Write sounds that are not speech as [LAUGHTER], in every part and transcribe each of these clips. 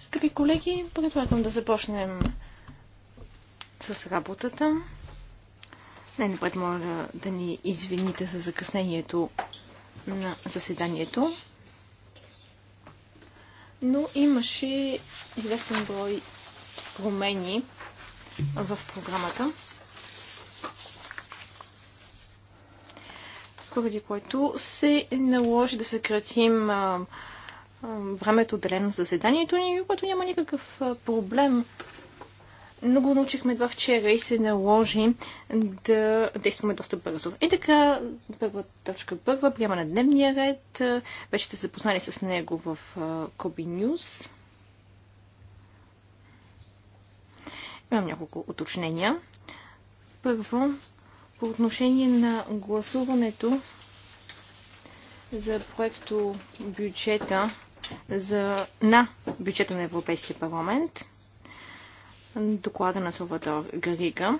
Скъпи колеги, предлагам да започнем с работата. Не, напред моля да ни извините за закъснението на заседанието. Но имаше известен брой промени в програмата. поради което се наложи да съкратим времето отделено заседанието ни, което няма никакъв проблем. Много научихме едва вчера и се наложи да действаме доста бързо. И така, първа точка първа, приема на дневния ред. Вече сте запознали с него в Коби Нюз. Имам няколко уточнения. Първо, по отношение на гласуването за проекто бюджета за, на бюджета на Европейския парламент, доклада на Салвадор Гарига.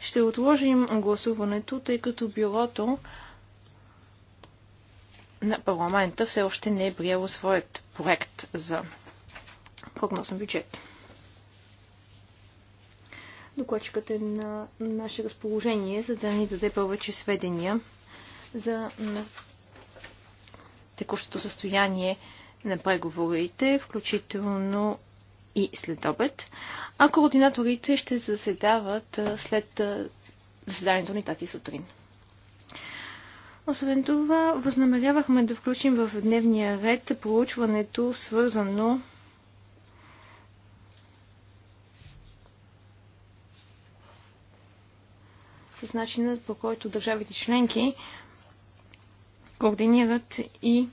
Ще отложим гласуването, тъй като бюрото на парламента все още не е приело своят проект за прогнозен бюджет. Докладчикът е на наше разположение, за да ни даде повече сведения за текущото състояние на преговорите, включително и след обед, а координаторите ще заседават след заседанието ни тази сутрин. Освен това, възнамерявахме да включим в дневния ред проучването, свързано с начинът по който държавите членки координират и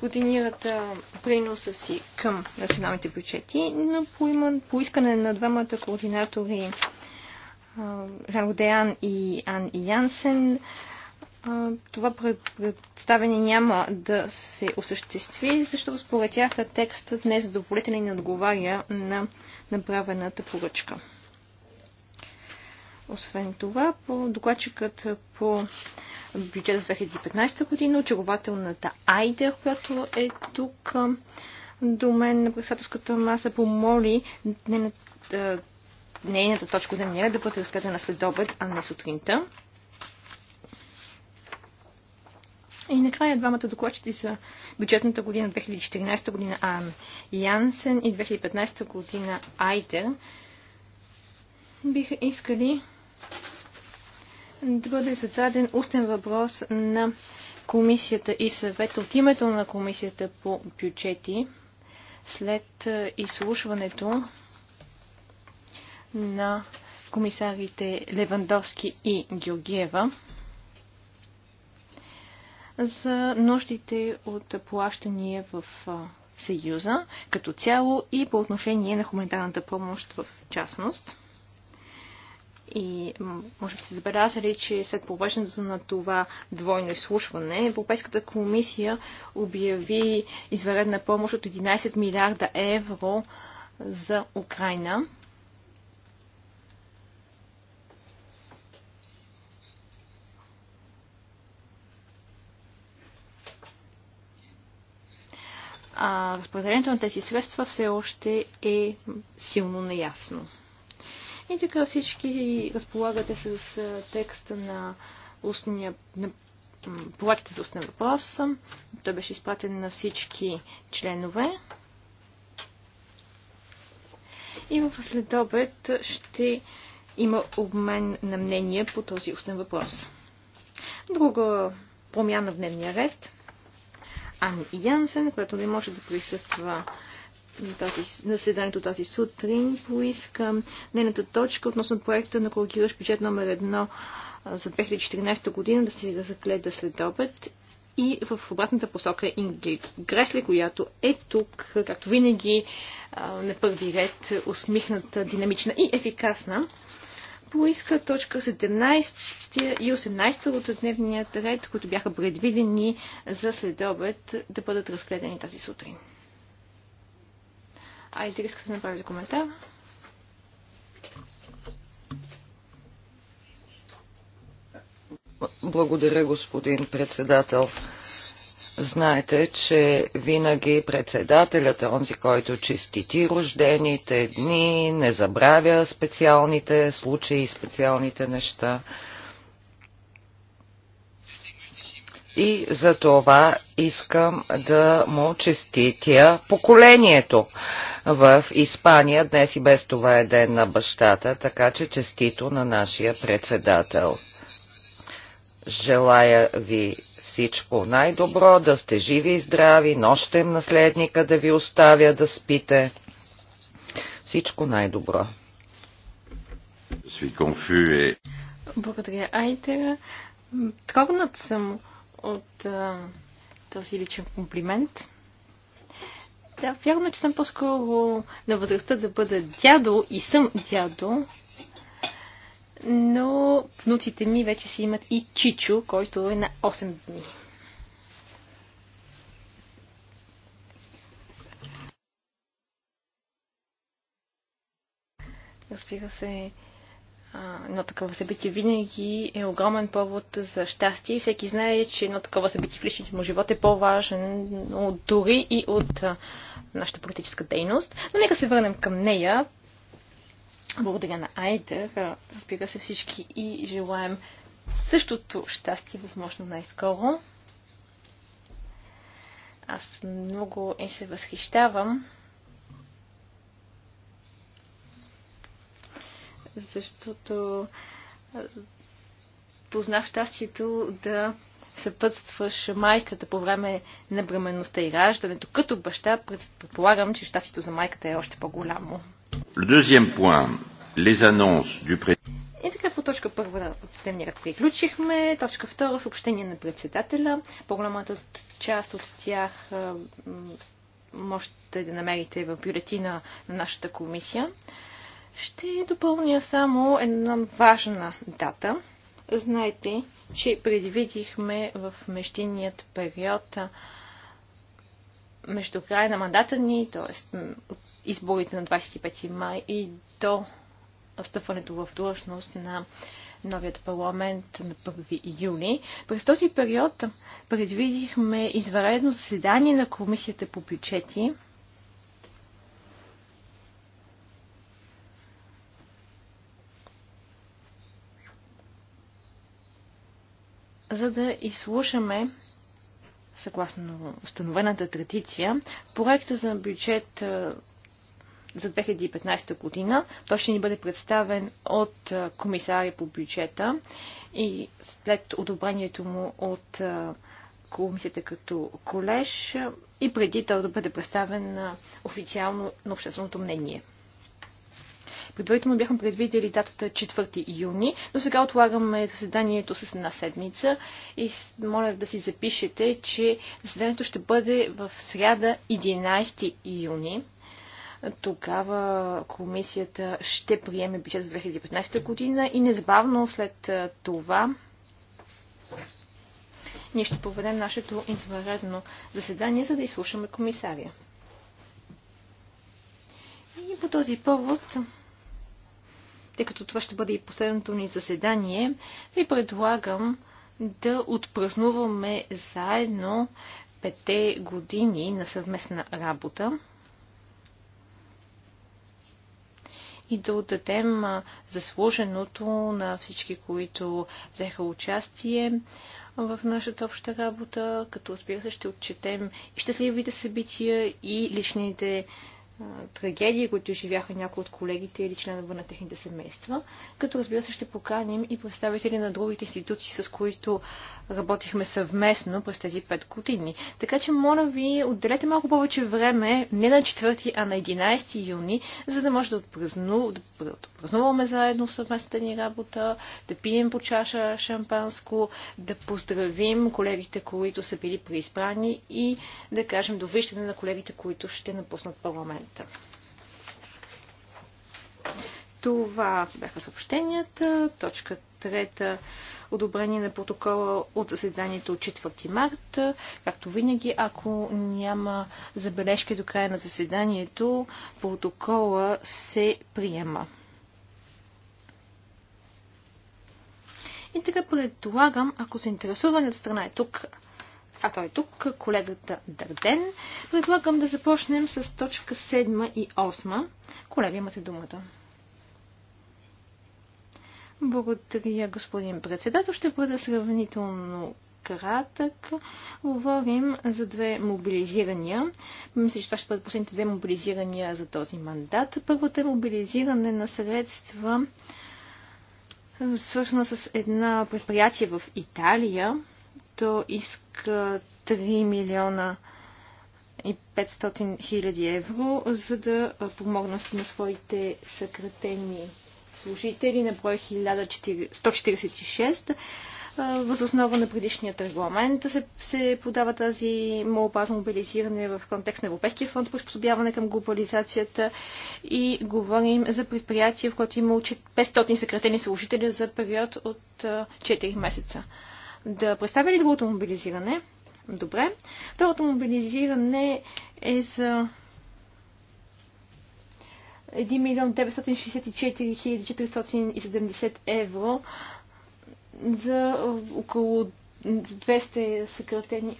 координират приноса си към националните бюджети, но по, поискане на двамата координатори Жан Родеян и Ан и Янсен, това представене няма да се осъществи, защото според тях текстът не е задоволителен и не отговаря на направената поръчка. Освен това, по докладчикът по бюджета за 2015 година, очарователната Айдер, която е тук до мен на председателската маса, помоли нейната, нейната точка от дневния да бъде разгледана след обед, а не сутринта. И накрая двамата докладчици са бюджетната година 2014 година Ан Янсен и 2015 година Айдер. Биха искали да бъде зададен устен въпрос на комисията и съвет от името на комисията по бюджети след е, изслушването на комисарите Левандовски и Георгиева за нуждите от плащания в е, Съюза като цяло и по отношение на хуманитарната помощ в частност. И може би сте забелязали, че след провеждането на това двойно изслушване, Европейската комисия обяви изваредна помощ от 11 милиарда евро за Украина. А разпределението на тези средства все още е силно неясно. И така всички разполагате с текста на устния, на проекта за устен въпрос. Той беше изпратен на всички членове. И в следобед ще има обмен на мнение по този устен въпрос. Друга промяна в дневния ред. Ани Янсен, която не може да присъства тази, заседанието тази сутрин поискам нейната точка относно проекта на коригиращ бюджет номер 1 за 2014 година да се разгледа след обед и в обратната посока Ингрид Гресли, която е тук, както винаги, на първи ред, усмихната, динамична и ефикасна. Поиска точка 17 и 18 от дневният ред, които бяха предвидени за следобед да бъдат разгледани тази сутрин. Айде, искате да направите коментар. Благодаря, господин председател. Знаете, че винаги председателят е онзи, който честити рождените дни, не забравя специалните случаи и специалните неща. и за това искам да му честитя поколението в Испания. Днес и без това е ден на бащата, така че честито на нашия председател. Желая ви всичко най-добро, да сте живи и здрави, нощем наследника да ви оставя да спите. Всичко най-добро. Благодаря, Айтера. Трогнат съм от а, този личен комплимент. Да, вярно е, че съм по-скоро на възрастта да бъда дядо и съм дядо, но внуците ми вече си имат и Чичо, който е на 8 дни. Разбира се, едно такова събитие винаги е огромен повод за щастие. Всеки знае, че едно такова събитие в личния му живот е по-важно дори и от нашата политическа дейност. Но нека се върнем към нея. Благодаря на Айдер. Разбира се всички и желаем същото щастие, възможно най-скоро. Аз много и се възхищавам защото познах щастието да съпътстваш майката по време на бременността и раждането. Като баща предполагам, че щастието за майката е още по-голямо. И така по точка първа дневния приключихме. Точка втора съобщение на председателя. По-голямата част от тях можете да намерите в бюлетина на нашата комисия. Ще допълня само една важна дата. Знаете, че предвидихме в мещиният период между края на мандата ни, т.е. изборите на 25 май и до встъпването в длъжност на новият парламент на 1 юни. През този период предвидихме изваредно заседание на Комисията по бюджети, за да изслушаме съгласно установената традиция, проекта за бюджет за 2015 година. Той ще ни бъде представен от комисаря по бюджета и след одобрението му от комисията като колеж и преди той да бъде представен официално на общественото мнение. Предварително бяхме предвидели датата 4 юни, но сега отлагаме заседанието с една седмица и моля да си запишете, че заседанието ще бъде в сряда 11 юни тогава комисията ще приеме бюджет за 2015 година и незабавно след това ние ще проведем нашето извънредно заседание, за да изслушаме комисария. И по този повод тъй като това ще бъде и последното ни заседание, ви предлагам да отпразнуваме заедно пете години на съвместна работа и да отдадем заслуженото на всички, които взеха участие в нашата обща работа, като разбира се ще отчетем и щастливите събития и личните трагедии, които живяха някои от колегите или членове на техните семейства. Като разбира се ще поканим и представители на другите институции, с които работихме съвместно през тези пет години. Така че, моля ви, отделете малко повече време, не на 4, а на 11 юни, за да може да, да отпразнуваме заедно съвместната ни работа, да пием по чаша шампанско, да поздравим колегите, които са били преизбрани и да кажем довиждане на колегите, които ще напуснат парламент момента. Това бяха съобщенията. Точка трета одобрение на протокола от заседанието от 4 марта. Както винаги, ако няма забележки до края на заседанието, протокола се приема. И така предполагам, ако се интересува, страна е тук а той е тук, колегата Дърден. Предлагам да започнем с точка 7 и 8. Колеги, имате думата. Благодаря, господин председател. Ще бъда сравнително кратък. Говорим за две мобилизирания. Мисля, че това ще бъдат последните две мобилизирания за този мандат. Първото е мобилизиране на средства, свързана с една предприятие в Италия, който иска 3 милиона и 500 хиляди евро, за да помогна на своите съкратени служители на брой 146. Възоснова основа на предишният регламент се, се подава тази молба за мобилизиране в контекст на Европейския фонд за приспособяване към глобализацията и говорим за предприятие, в което има 500 съкратени служители за период от 4 месеца да представя ли другото мобилизиране? Добре. Другото мобилизиране е за 1 милион 964 470 евро за около 200 съкратени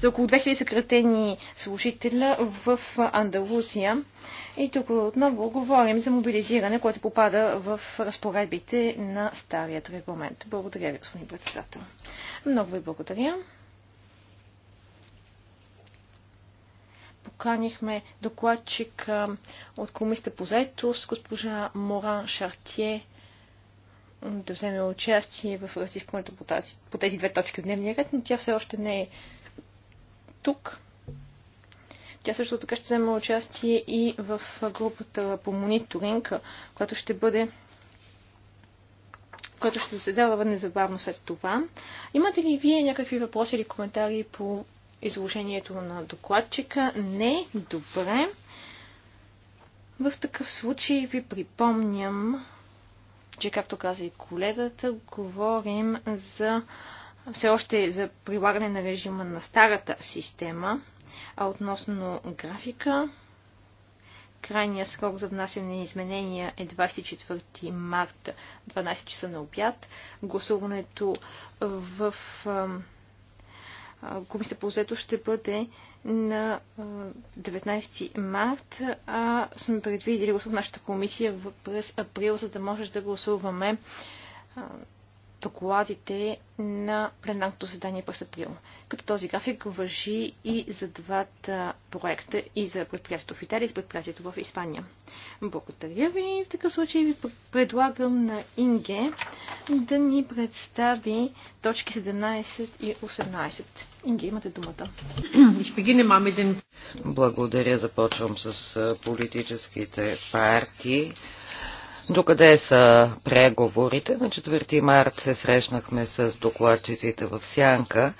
за около 2000 съкратени служителя в Андалусия. И тук отново говорим за мобилизиране, което попада в разпоредбите на старият регламент. Благодаря ви, господин председател. Много ви благодаря. поканихме докладчик от комисията по заетост, госпожа Моран Шартие, да вземе участие в разискването по, по тези две точки от дневния ред, но тя все още не е тук. Тя също така ще вземе участие и в групата по мониторинг, която ще бъде което ще заседава незабавно след това. Имате ли вие някакви въпроси или коментари по изложението на докладчика? Не? Добре. В такъв случай ви припомням, че както каза и колегата, говорим за все още за прилагане на режима на старата система, а относно графика, крайния срок за внасяне на изменения е 24 март 12 часа на обяд. Гласуването в комисията по взето ще бъде на 19 март, а сме предвидили в нашата комисия през април, за да може да гласуваме докладите на пленарното задание през април. Като този график въжи и за двата проекта, и за предприятието в Италия, и за предприятието в Испания. Благодаря ви. В такъв случай ви предлагам на Инге да ни представи точки 17 и 18. Инге, имате думата. Благодаря. Започвам с политическите партии. Докъде са преговорите? На 4 март се срещнахме с докладчиците в Сянка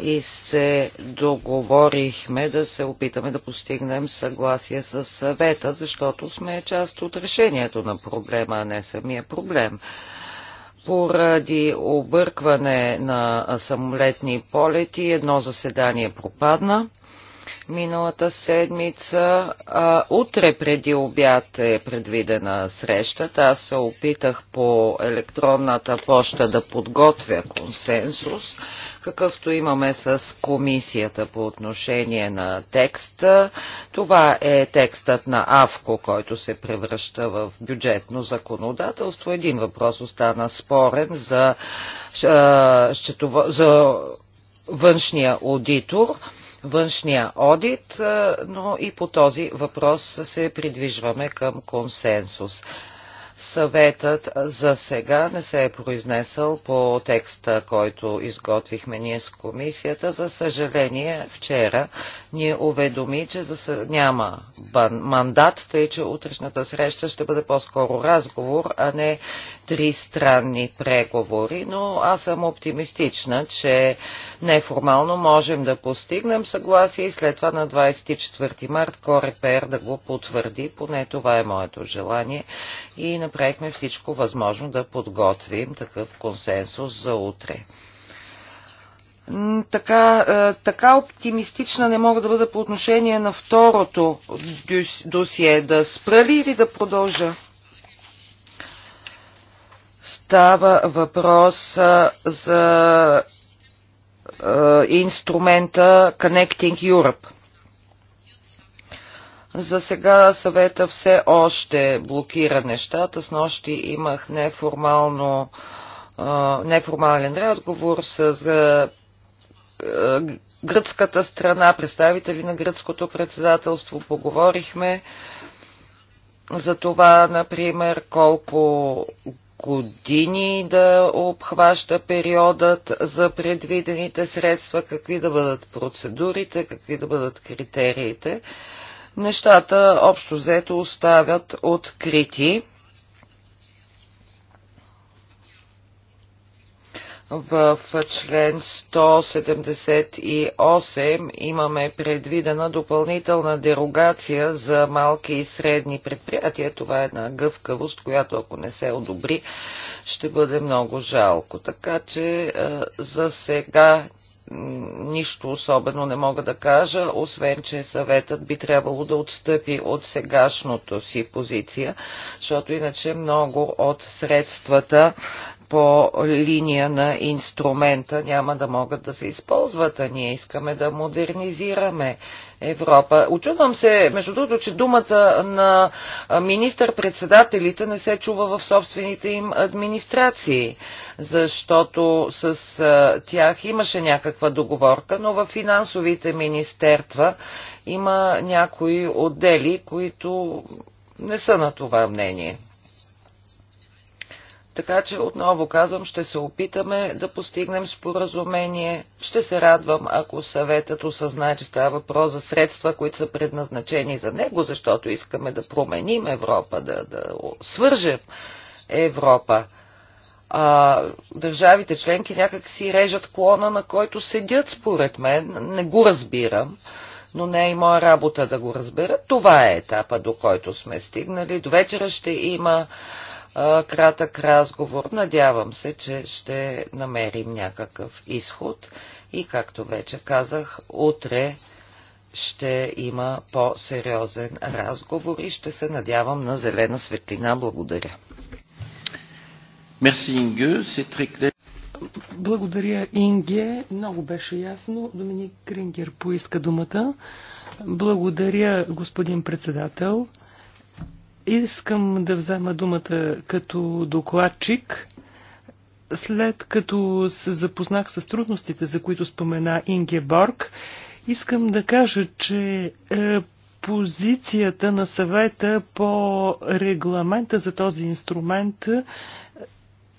и се договорихме да се опитаме да постигнем съгласие с съвета, защото сме част от решението на проблема, а не самия проблем. Поради объркване на самолетни полети едно заседание пропадна миналата седмица. А, утре преди обяд е предвидена срещата. Аз се опитах по електронната поща да подготвя консенсус, какъвто имаме с комисията по отношение на текста. Това е текстът на АВКО, който се превръща в бюджетно законодателство. Един въпрос остана спорен за, а, за външния аудитор външния одит, но и по този въпрос се придвижваме към консенсус. Съветът за сега не се е произнесъл по текста, който изготвихме ние с комисията. За съжаление, вчера ни уведоми, че няма мандат, тъй че утрешната среща ще бъде по-скоро разговор, а не тристранни преговори, но аз съм оптимистична, че неформално можем да постигнем съгласие и след това на 24 март Корепер да го потвърди, поне това е моето желание и направихме всичко възможно да подготвим такъв консенсус за утре. Така, е, така оптимистична не мога да бъда по отношение на второто досие. Да спра ли или да продължа? Става въпрос за е, инструмента Connecting Europe. За сега съвета все още блокира нещата. С нощи имах неформално, е, неформален разговор с е, гръцката страна, представители на гръцкото председателство. Поговорихме за това, например, колко години да обхваща периодът за предвидените средства, какви да бъдат процедурите, какви да бъдат критериите. Нещата общо взето оставят открити в член 178 имаме предвидена допълнителна дерогация за малки и средни предприятия. Това е една гъвкавост, която ако не се одобри, ще бъде много жалко. Така че е, за сега нищо особено не мога да кажа, освен, че съветът би трябвало да отстъпи от сегашното си позиция, защото иначе много от средствата по линия на инструмента няма да могат да се използват, а ние искаме да модернизираме Европа. Очудвам се, между другото, че думата на министър-председателите не се чува в собствените им администрации, защото с тях имаше някаква договорка, но в финансовите министерства има някои отдели, които не са на това мнение. Така че отново казвам, ще се опитаме да постигнем споразумение. Ще се радвам, ако съветът осъзнае, че става въпрос за средства, които са предназначени за него, защото искаме да променим Европа, да, да свържем Европа. А, държавите членки някак си режат клона, на който седят, според мен. Не го разбирам но не е и моя работа да го разбера. Това е етапа, до който сме стигнали. До вечера ще има кратък разговор. Надявам се, че ще намерим някакъв изход и, както вече казах, утре ще има по-сериозен разговор и ще се надявам на зелена светлина. Благодаря. Merci Inge, Благодаря, Инге. Много беше ясно. Доминик Крингер поиска думата. Благодаря, господин председател. Искам да взема думата като докладчик. След като се запознах с трудностите, за които спомена Инге Борг, искам да кажа, че е, позицията на съвета по регламента за този инструмент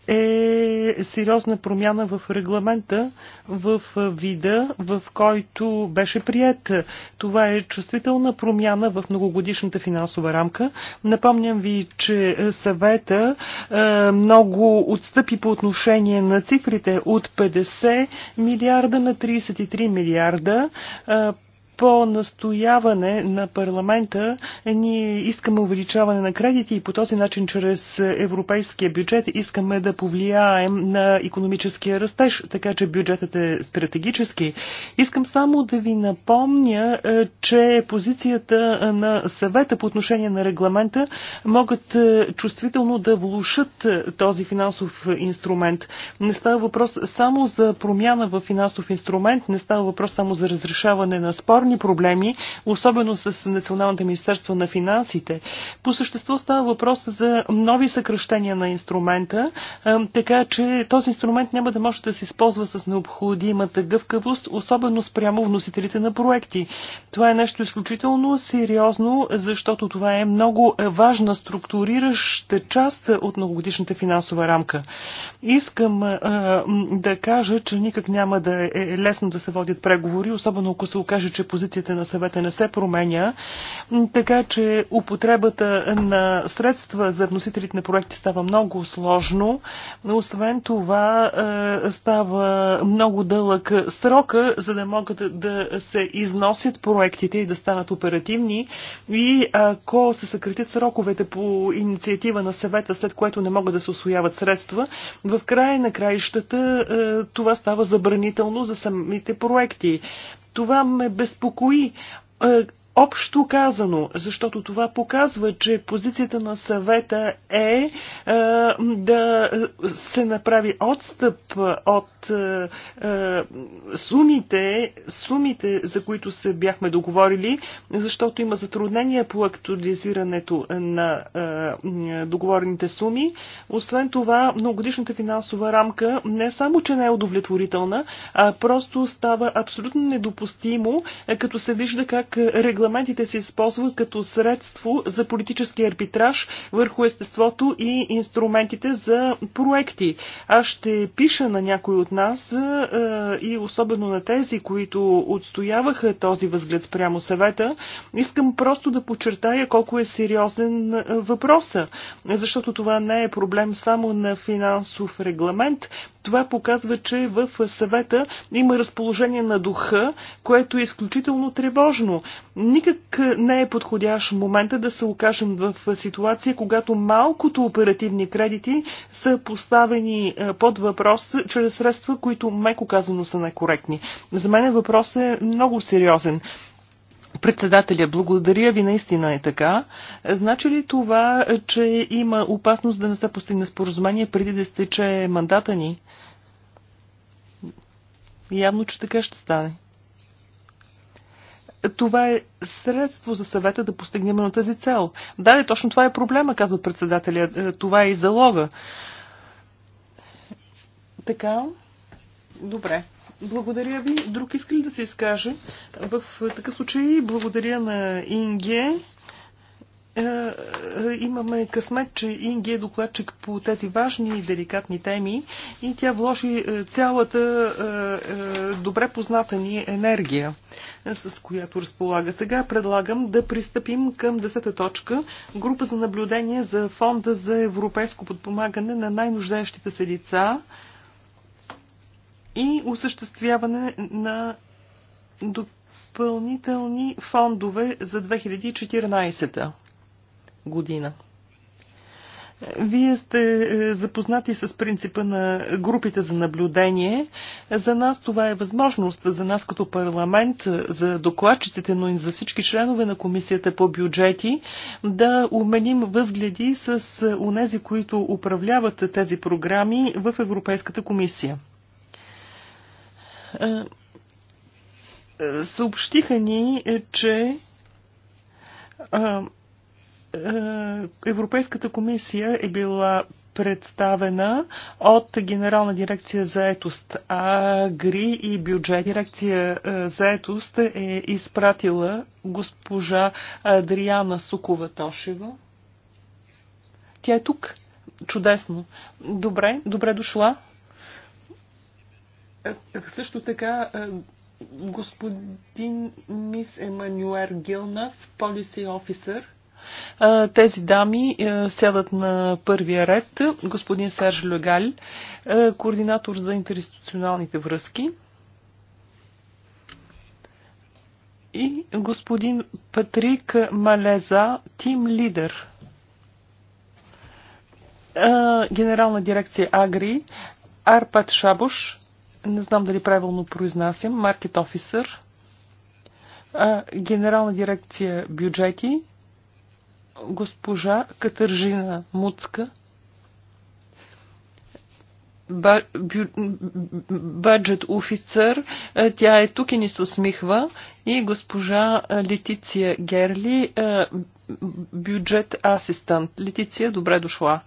е сериозна промяна в регламента, в вида, в който беше прият. Това е чувствителна промяна в многогодишната финансова рамка. Напомням ви, че съвета е, много отстъпи по отношение на цифрите от 50 милиарда на 33 милиарда. Е, по настояване на парламента ние искаме увеличаване на кредити и по този начин чрез европейския бюджет искаме да повлияем на економическия растеж, така че бюджетът е стратегически. Искам само да ви напомня, е, че позицията на съвета по отношение на регламента могат е, чувствително да влушат е, този финансов инструмент. Не става въпрос само за промяна в финансов инструмент, не става въпрос само за разрешаване на спор, правни проблеми, особено с Националните министерства на финансите. По същество става въпрос за нови съкръщения на инструмента, така че този инструмент няма да може да се използва с необходимата гъвкавост, особено спрямо вносителите на проекти. Това е нещо изключително сериозно, защото това е много важна структурираща част от многогодишната финансова рамка. Искам да кажа, че никак няма да е лесно да се водят преговори, особено ако се окаже, че позицията на съвета не се променя, така че употребата на средства за вносителите на проекти става много сложно. Освен това е, става много дълъг срока, за да могат да се износят проектите и да станат оперативни. И ако се съкратят сроковете по инициатива на съвета, след което не могат да се освояват средства, в края на краищата е, това става забранително за самите проекти. Това ме безпокои е, Общо казано, защото това показва, че позицията на съвета е, е да се направи отстъп от е, е, сумите, сумите, за които се бяхме договорили, защото има затруднения по актуализирането на е, договорените суми. Освен това, многогодишната финансова рамка не само, че не е удовлетворителна, а просто става абсолютно недопустимо, е, като се вижда как регламентирането регламентите се използват като средство за политически арбитраж върху естеството и инструментите за проекти. Аз ще пиша на някой от нас е, и особено на тези, които отстояваха този възглед спрямо съвета. Искам просто да подчертая колко е сериозен е, въпроса, защото това не е проблем само на финансов регламент, това показва, че в съвета има разположение на духа, което е изключително тревожно. Никак не е подходящ момента да се окажем в ситуация, когато малкото оперативни кредити са поставени е, под въпрос чрез средства, които меко казано са некоректни. За мен въпросът е много сериозен. Председателя, благодаря ви, наистина е така. Значи ли това, че има опасност да не се постигне споразумение преди да стече мандата ни? Явно, че така ще стане. Това е средство за съвета да постигнем на тази цел. Да, ли, е, точно това е проблема, казва председателя. Е, това е и залога. Така. Добре. Благодаря ви. Друг иска ли да се изкаже? В такъв случай благодаря на Инге. Е, е, имаме късмет, че Инги е докладчик по тези важни и деликатни теми и тя вложи е, цялата добре позната ни енергия, с която разполага. Сега предлагам да пристъпим към 10-та точка група за наблюдение за Фонда за европейско подпомагане на най-нуждаещите се лица – и осъществяване на допълнителни фондове за 2014 година. Вие сте е, запознати с принципа на групите за наблюдение. За нас това е възможност, за нас като парламент, за докладчиците, но и за всички членове на комисията по бюджети, да уменим възгледи с е, онези, които управляват тези програми в Европейската комисия. Е, е, съобщиха ни, е, че Европейската комисия е била представена от Генерална дирекция за етост Агри и бюджет. Дирекция за етост е изпратила госпожа Адриана Сукова-Тошева. Тя е тук. Чудесно. Добре, добре дошла. Е, също така е, господин мис Емануер Гилнав, полиси офисър. Е, тези дами сядат на първия ред. Господин Серж Легаль, координатор за интерституционалните връзки. И господин Патрик Малеза, тим лидер. Генерална дирекция Агри, Арпат Шабуш, не знам дали правилно произнасям, маркет офисър, генерална дирекция бюджети, госпожа Катържина Муцка, бюджет офицер, тя е тук и ни се усмихва, и госпожа Летиция Герли, бюджет асистент. Летиция, добре дошла.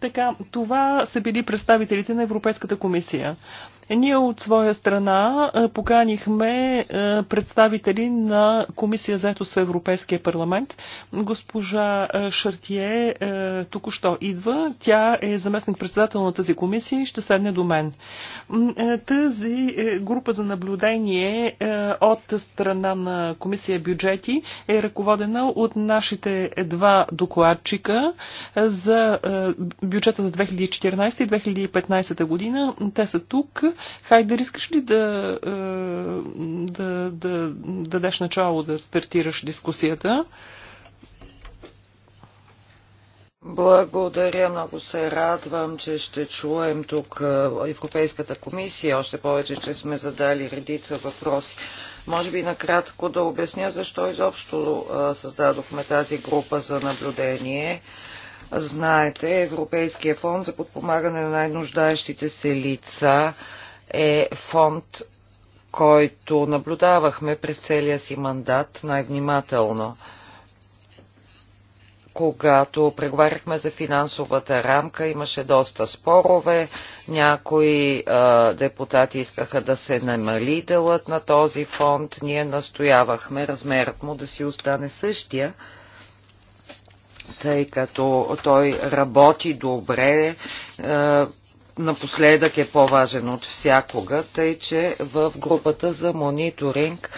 Така, това са били представителите на Европейската комисия. Ние от своя страна поканихме представители на Комисия за ето с Европейския парламент. Госпожа Шартие току-що идва. Тя е заместник председател на тази комисия и ще седне до мен. Тази е, група за наблюдение е, от страна на Комисия бюджети е ръководена от нашите два докладчика за бюджета за 2014 и 2015 година. Те са тук да искаш ли да, да, е, да, да дадеш начало да стартираш дискусията? Благодаря, много се радвам, че ще чуем тук е, Европейската комисия, още повече, че сме задали редица въпроси. Може би накратко да обясня защо изобщо е, създадохме тази група за наблюдение. Знаете, Европейския фонд за подпомагане на най-нуждаещите се лица е фонд, който наблюдавахме през целия си мандат най-внимателно. Когато преговаряхме за финансовата рамка, имаше доста спорове. Някои а, депутати искаха да се намали делът на този фонд. Ние настоявахме размерът му да си остане същия, тъй като той работи добре. А, напоследък е по-важен от всякога, тъй че в групата за мониторинг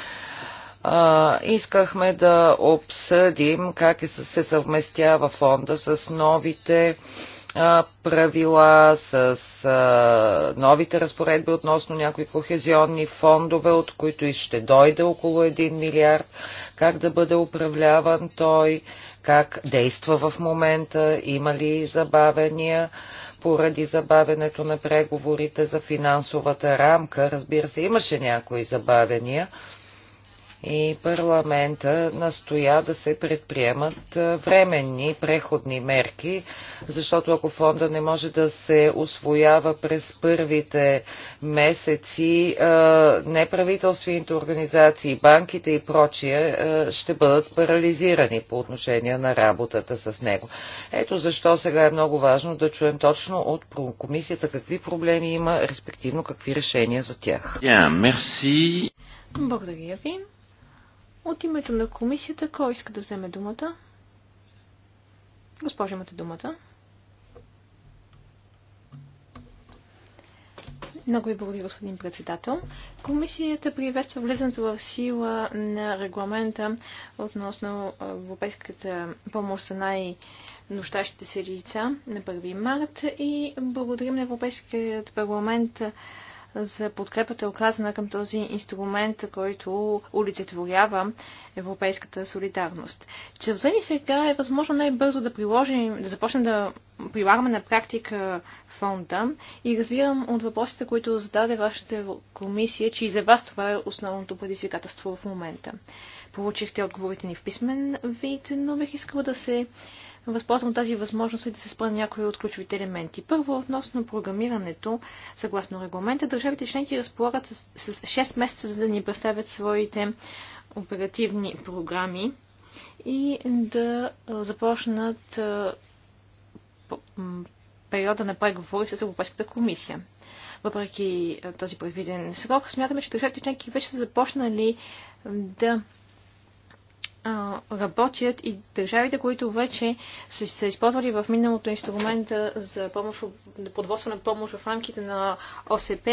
а, искахме да обсъдим как е, се съвместява фонда с новите а, правила, с а, новите разпоредби относно някои кохезионни фондове, от които и ще дойде около 1 милиард, как да бъде управляван той, как действа в момента, има ли забавения поради забавенето на преговорите за финансовата рамка. Разбира се, имаше някои забавения, и парламента настоя да се предприемат временни преходни мерки, защото ако фонда не може да се освоява през първите месеци, неправителствените организации, банките и прочие ще бъдат парализирани по отношение на работата с него. Ето защо сега е много важно да чуем точно от комисията какви проблеми има, респективно какви решения за тях. Yeah, Благодаря ви. От името на комисията, кой иска да вземе думата? Госпожа, имате думата. Много ви благодаря, господин председател. Комисията приветства влизането в сила на регламента относно европейската помощ за най- нощащите се лица на 1 март и благодарим на Европейският парламент за подкрепата оказана към този инструмент, който олицетворява европейската солидарност. Целта ни сега е възможно най-бързо да приложим, да започнем да прилагаме на практика фонда и разбирам от въпросите, които зададе вашата комисия, че и за вас това е основното предизвикателство в момента. Получихте отговорите ни в писмен вид, но бих искала да се възползвам тази възможност и да се спра някои от ключовите елементи. Първо, относно програмирането, съгласно регламента, държавите членки разполагат с, с 6 месеца, за да ни представят своите оперативни програми и да започнат периода на преговори с Европейската комисия. Въпреки този предвиден срок, смятаме, че държавите членки вече са започнали да работят и държавите, които вече са, са използвали в миналото инструмента за помощ, подвозване на помощ в рамките на ОСП,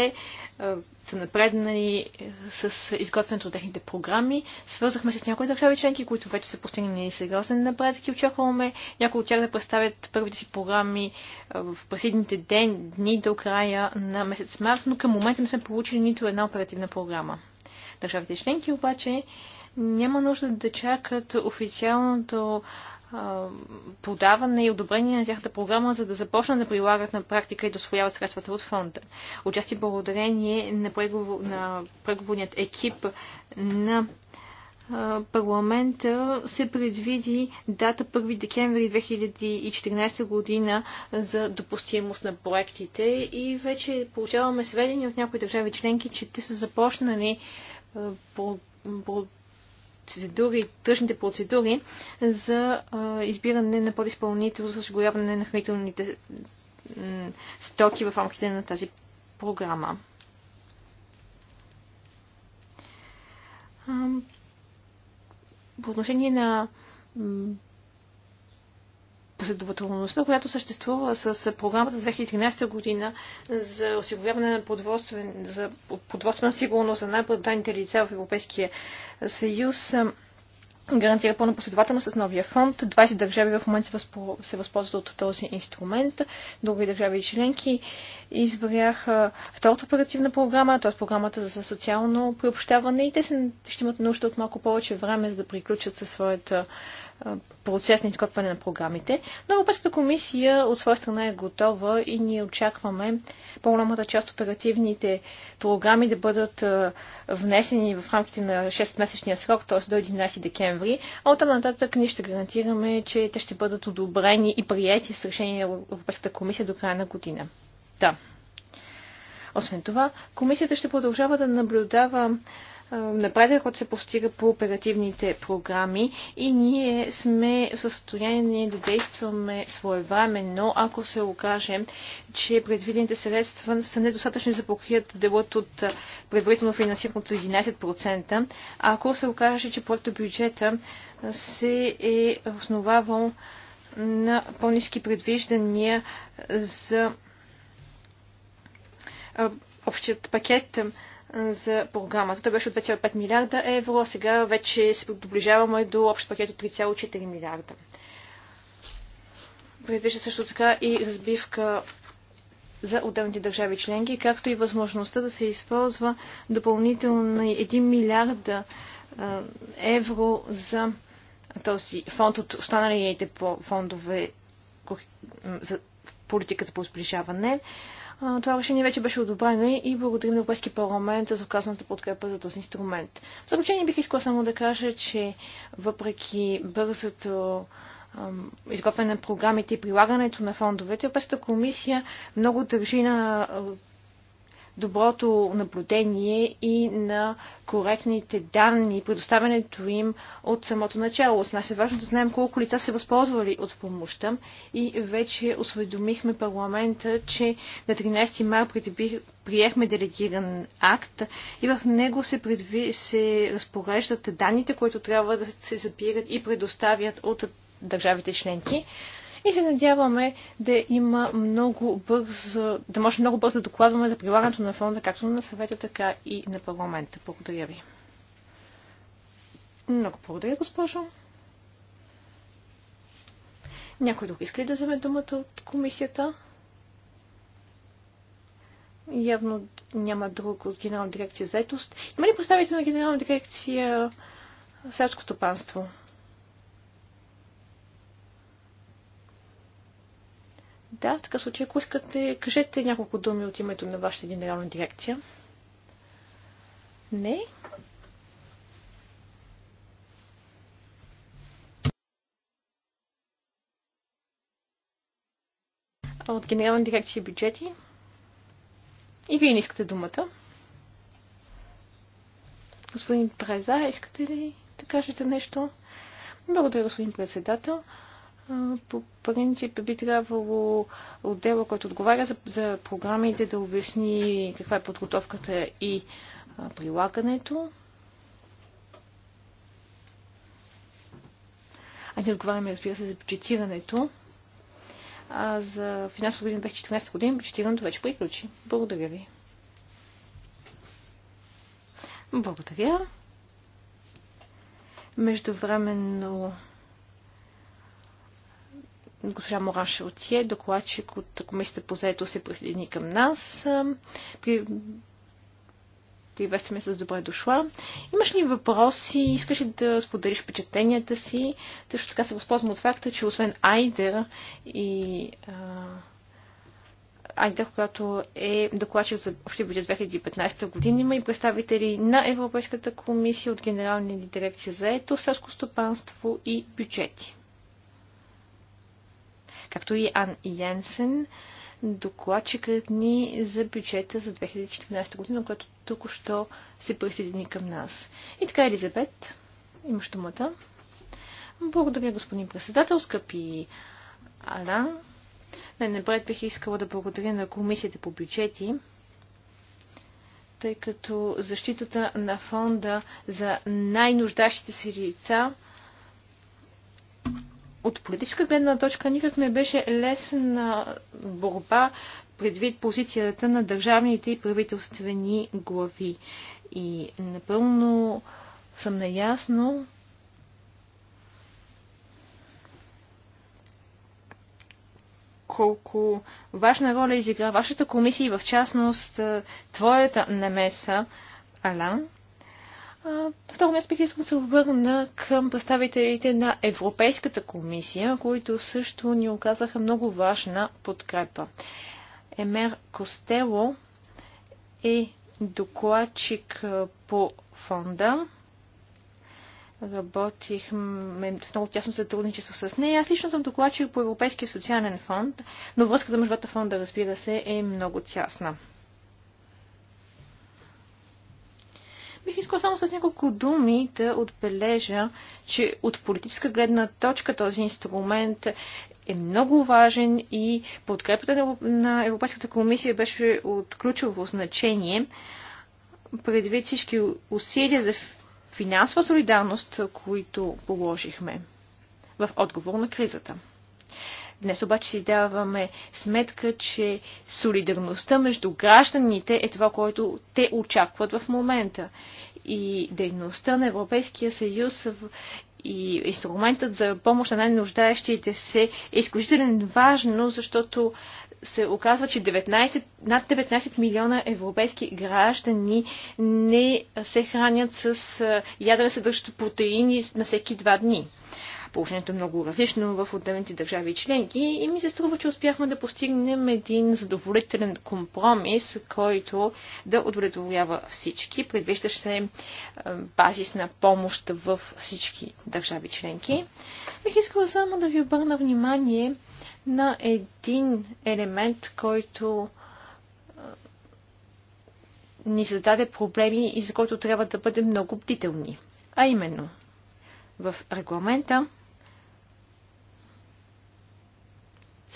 са напреднали е, с изготвянето от техните програми. Свързахме се с някои държави членки, които вече са постигнали сериозен напредък и очакваме някои от тях да представят първите си програми е, в последните ден, дни до края на месец март, но към момента не сме получили нито една оперативна програма. Държавите членки обаче няма нужда да чакат официалното подаване и одобрение на тяхната програма, за да започнат да прилагат на практика и да освояват средствата от фонда. Отчасти благодарение на, преговор, на преговорният екип на парламента се предвиди дата 1 декември 2014 година за допустимост на проектите и вече получаваме сведения от някои държави членки, че те са започнали процедури, тръжните процедури за избиране на подиспълнител за осигуряване на хранителните стоки в рамките на тази програма. По отношение на последователността, която съществува с програмата за 2013 година за осигуряване на подводствен, за подводствена сигурност за най-преданите лица в Европейския съюз гарантира пълна последователност с новия фонд. 20 държави в момента се възползват от този инструмент. Други държави и членки избраха втората оперативна програма, т.е. програмата за социално приобщаване и те ще имат нужда от малко повече време, за да приключат със своята процес на изготвяне на програмите, но Европейската комисия от своя страна е готова и ние очакваме по-голямата част от оперативните програми да бъдат внесени в рамките на 6-месечния срок, т.е. до 11 декември, а оттам нататък ние ще гарантираме, че те ще бъдат одобрени и прияти с решение на Европейската комисия до края на година. Да. Освен това, комисията ще продължава да наблюдава напредък, който се постига по оперативните програми и ние сме в състояние да действаме своевременно, ако се окажем, че предвидените средства са недостатъчни за покрият делът от предварително финансирането 11%, ако се окаже, че бюджета се е основавал на по-низки предвиждания за общият пакет за програмата. Той беше от 2,5 милиарда евро, а сега вече се доближаваме до общ пакет от 3,4 милиарда. Предвижда също така и разбивка за отделните държави членки, както и възможността да се използва допълнително 1 милиарда евро за този фонд от останалите фондове за политиката по сближаване това решение вече беше одобрено и благодарим на Европейски парламент за оказаната подкрепа за този инструмент. В заключение бих искала само да кажа, че въпреки бързото изготвяне на програмите и прилагането на фондовете, Европейската комисия много държи на доброто наблюдение и на коректните данни, предоставянето им от самото начало. С нас е важно да знаем колко лица се възползвали от помощта и вече осведомихме парламента, че на 13 март приехме делегиран акт и в него се, предви... се разпореждат данните, които трябва да се запират и предоставят от държавите членки и се надяваме да има много бързо, да може много бързо да докладваме за прилагането на фонда, както на съвета, така и на парламента. Благодаря ви. Много благодаря, госпожо. Някой друг иска ли да вземе думата от комисията? Явно няма друг от Генерална дирекция заетост. Има ли представител на Генерална дирекция селско стопанство? Да, в такъв случай, ако искате, кажете няколко думи от името на вашата генерална дирекция. Не? От генерална дирекция бюджети. И вие не искате думата. Господин Преза, искате ли да кажете нещо? Благодаря, господин председател по принцип би трябвало отдела, който отговаря за, за програмите, да обясни каква е подготовката и а, прилагането. А ние отговаряме, разбира се, за бюджетирането. А за финансово година 2014 година бюджетирането вече приключи. Благодаря ви. Благодаря. Междувременно Госпожа Мораш Отие, докладчик от Комисията по заето се присъедини към нас. При... Приветстваме с добре дошла. Имаш ли въпроси? Искаш ли да споделиш впечатленията си? Също така се възползвам от факта, че освен Айдер и Айдер, която е докладчик за общия бюджет 2015 година, има и представители на Европейската комисия от генералния дирекция за ето, селско стопанство и бюджети както и Ан Йенсен, докладчикът ни за бюджета за 2014 година, който току-що се присъедини към нас. И така, Елизабет, имаш думата. Благодаря, господин председател, скъпи Алан. Най-напред бих искала да благодаря на комисията по бюджети, тъй като защитата на фонда за най-нуждащите си лица от политическа гледна точка никак не беше лесна борба предвид позицията на държавните и правителствени глави. И напълно съм наясно, колко важна роля изигра вашата комисия и в частност твоята намеса, Алан. На второ място бих искал да се обърна към представителите на Европейската комисия, които също ни оказаха много важна подкрепа. Емер Костело е докладчик по фонда. Работихме в много тясно сътрудничество с нея. Аз лично съм докладчик по Европейския социален фонд, но връзката между двата фонда, разбира се, е много тясна. Бих искал само с няколко думи да отбележа, че от политическа гледна точка този инструмент е много важен и подкрепата на Европейската комисия беше от ключово значение предвид всички усилия за финансова солидарност, които положихме в отговор на кризата. Днес обаче си даваме сметка, че солидарността между гражданите е това, което те очакват в момента. И дейността на Европейския съюз и инструментът за помощ на най-нуждаещите се е изключително важно, защото се оказва, че 19, над 19 милиона европейски граждани не се хранят с ядрено съдържащо протеини на всеки два дни. Положението е много различно в отделните държави и членки и ми се струва, че успяхме да постигнем един задоволителен компромис, който да удовлетворява всички. Предвижда се е, на помощ в всички държави членки. Бих искала само да ви обърна внимание на един елемент, който е, ни създаде проблеми и за който трябва да бъдем много бдителни. А именно, в регламента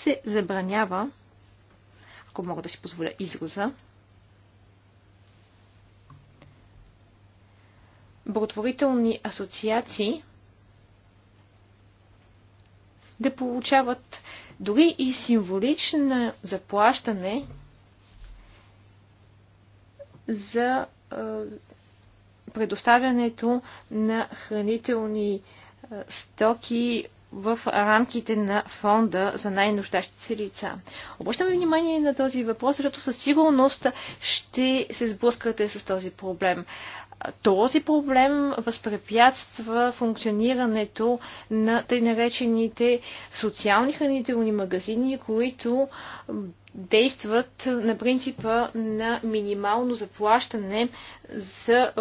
се забранява, ако мога да си позволя израза, благотворителни асоциации да получават дори и символично заплащане за предоставянето на хранителни стоки в рамките на фонда за най-нуждащите се лица. Обръщаме внимание на този въпрос, защото със сигурност ще се сблъскате с този проблем. Този проблем възпрепятства функционирането на тъй наречените социални хранителни магазини, които действат на принципа на минимално заплащане за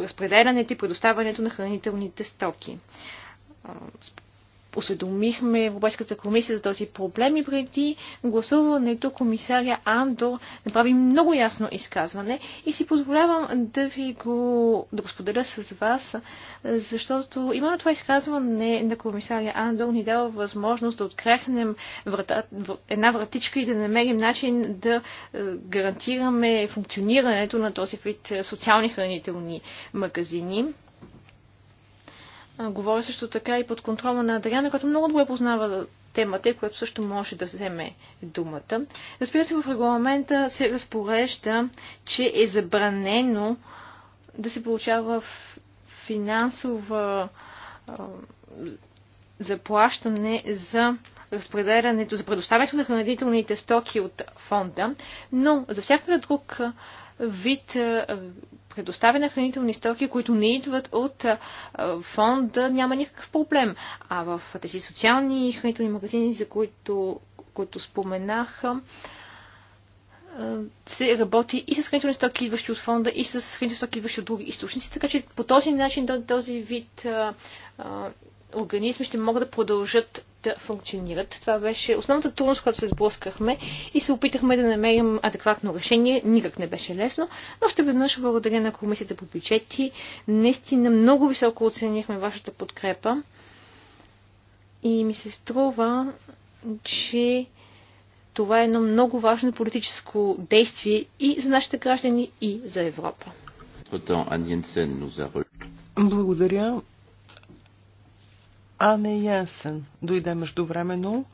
разпределянето и предоставянето на хранителните стоки осведомихме Европейската комисия за този проблем и преди гласуването комисаря Андор направи много ясно изказване и си позволявам да ви го, да го споделя с вас, защото именно това изказване на комисаря Андор ни дава възможност да открехнем врата, една вратичка и да намерим начин да е, гарантираме функционирането на този вид е, социални хранителни магазини. Говоря също така и под контрола на Адриана, която много добре познава темата, която също може да вземе думата. Разбира се, в регламента се разпорежда, че е забранено да се получава финансова заплащане за разпределянето, за предоставянето на хранителните стоки от фонда, но за всякакъв друг вид предоставя на хранителни стоки, които не идват от фонда, няма никакъв проблем. А в тези социални хранителни магазини, за които, които споменах, се работи и с хранителни стоки, идващи от фонда, и с хранителни стоки, идващи от други източници. Така че по този начин този вид а, а, организми ще могат да продължат да функционират. Това беше основната трудност, която се сблъскахме и се опитахме да намерим адекватно решение. Никак не беше лесно, но ще веднъж благодаря на Комисията по бюджети. Наистина много високо оценихме вашата подкрепа и ми се струва, че това е едно много важно политическо действие и за нашите граждани, и за Европа. Благодаря. А, не ясен. Дойде междувременно.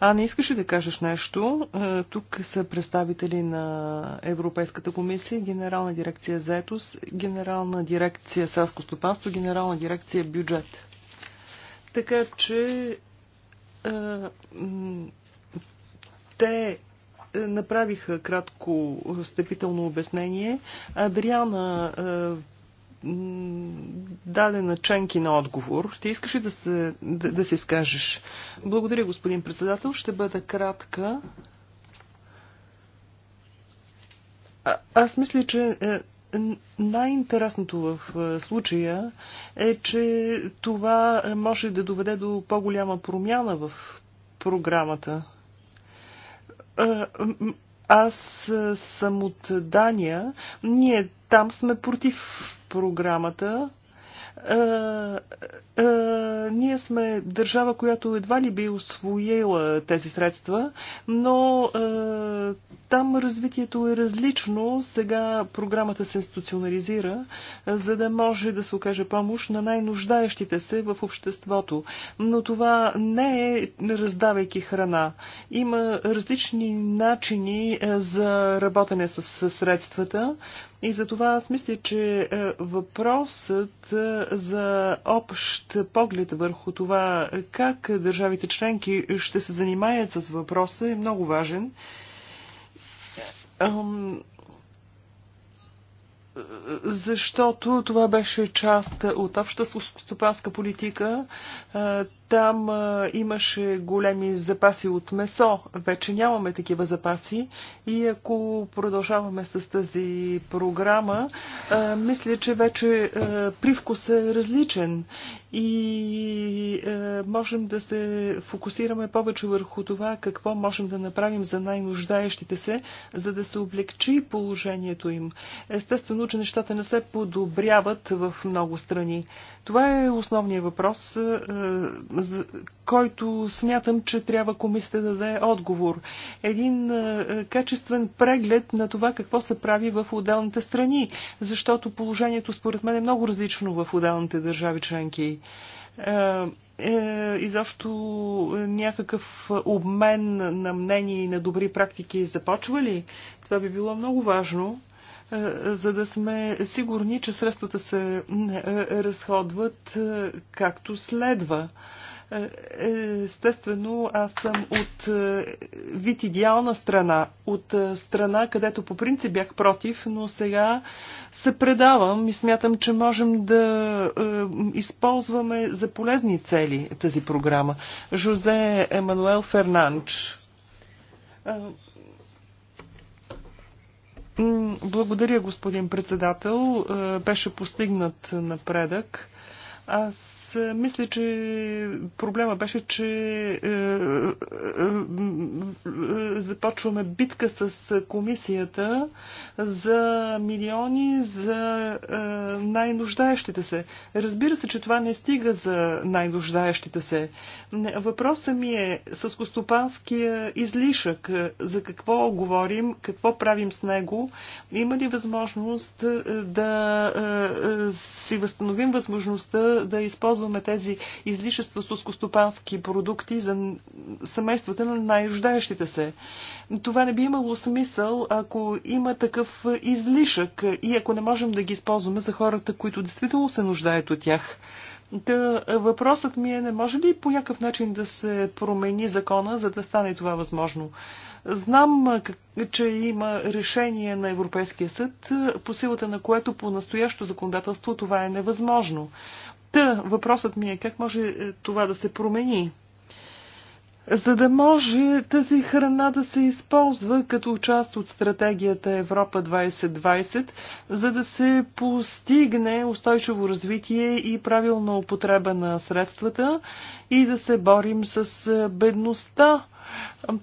А, не искаш ли да кажеш нещо? Е, тук са представители на Европейската комисия, Генерална дирекция Заетос, Генерална дирекция Селско стопанство, Генерална дирекция Бюджет. Така че е, те е, направиха кратко степително обяснение. Адриана даде наченки на отговор. Ти искаш ли да се, да, да се изкажеш? Благодаря, господин председател. Ще бъда кратка. А, аз мисля, че е, най-интересното в е, случая е, че това е, може да доведе до по-голяма промяна в програмата. Е, аз съм от Дания. Ние там сме против програмата. Е, е, ние сме държава, която едва ли би освоила тези средства, но е, там развитието е различно. Сега програмата се институционализира, за да може да се окаже помощ на най-нуждаещите се в обществото. Но това не е раздавайки храна. Има различни начини за работене с, с средствата. И за това аз мисля, че е, въпросът е, за общ поглед върху това как държавите членки ще се занимаят с въпроса е много важен. Защото това беше част от обща стопанска политика. Е, там а, имаше големи запаси от месо. Вече нямаме такива запаси. И ако продължаваме с тази програма, а, мисля, че вече а, привкус е различен. И а, можем да се фокусираме повече върху това какво можем да направим за най-нуждаещите се, за да се облегчи положението им. Естествено, че нещата не се подобряват в много страни. Това е основният въпрос. А, за който смятам, че трябва комисията да даде отговор. Един е, качествен преглед на това какво се прави в отделните страни, защото положението според мен е много различно в отделните държави членки е, е, изобщо някакъв обмен на мнения и на добри практики започва ли? Това би било много важно, за да сме сигурни, че средствата се разходват както следва. Естествено, аз съм от е, вид идеална страна, от е, страна, където по принцип бях против, но сега се предавам и смятам, че можем да е, използваме за полезни цели тази програма. Жозе Емануел Фернанч. Благодаря, господин председател. Беше постигнат напредък. Аз е, мисля, че проблема беше, че е, е, е, започваме битка с комисията за милиони за е, най-нуждаещите се. Разбира се, че това не стига за най-нуждаещите се. Въпросът ми е с костопанския излишък. За какво говорим, какво правим с него? Има ли възможност е, да си възстановим възможността да използваме тези излишества с ускостопански продукти за семействата на най-нуждаещите се. Това не би имало смисъл, ако има такъв излишък и ако не можем да ги използваме за хората, които действително се нуждаят от тях. Та, да, въпросът ми е, не може ли по някакъв начин да се промени закона, за да стане това възможно? Знам, че има решение на Европейския съд, по силата на което по настоящо законодателство това е невъзможно. Та, въпросът ми е как може е, това да се промени? За да може тази храна да се използва като част от стратегията Европа 2020, за да се постигне устойчиво развитие и правилна употреба на средствата и да се борим с е, бедността,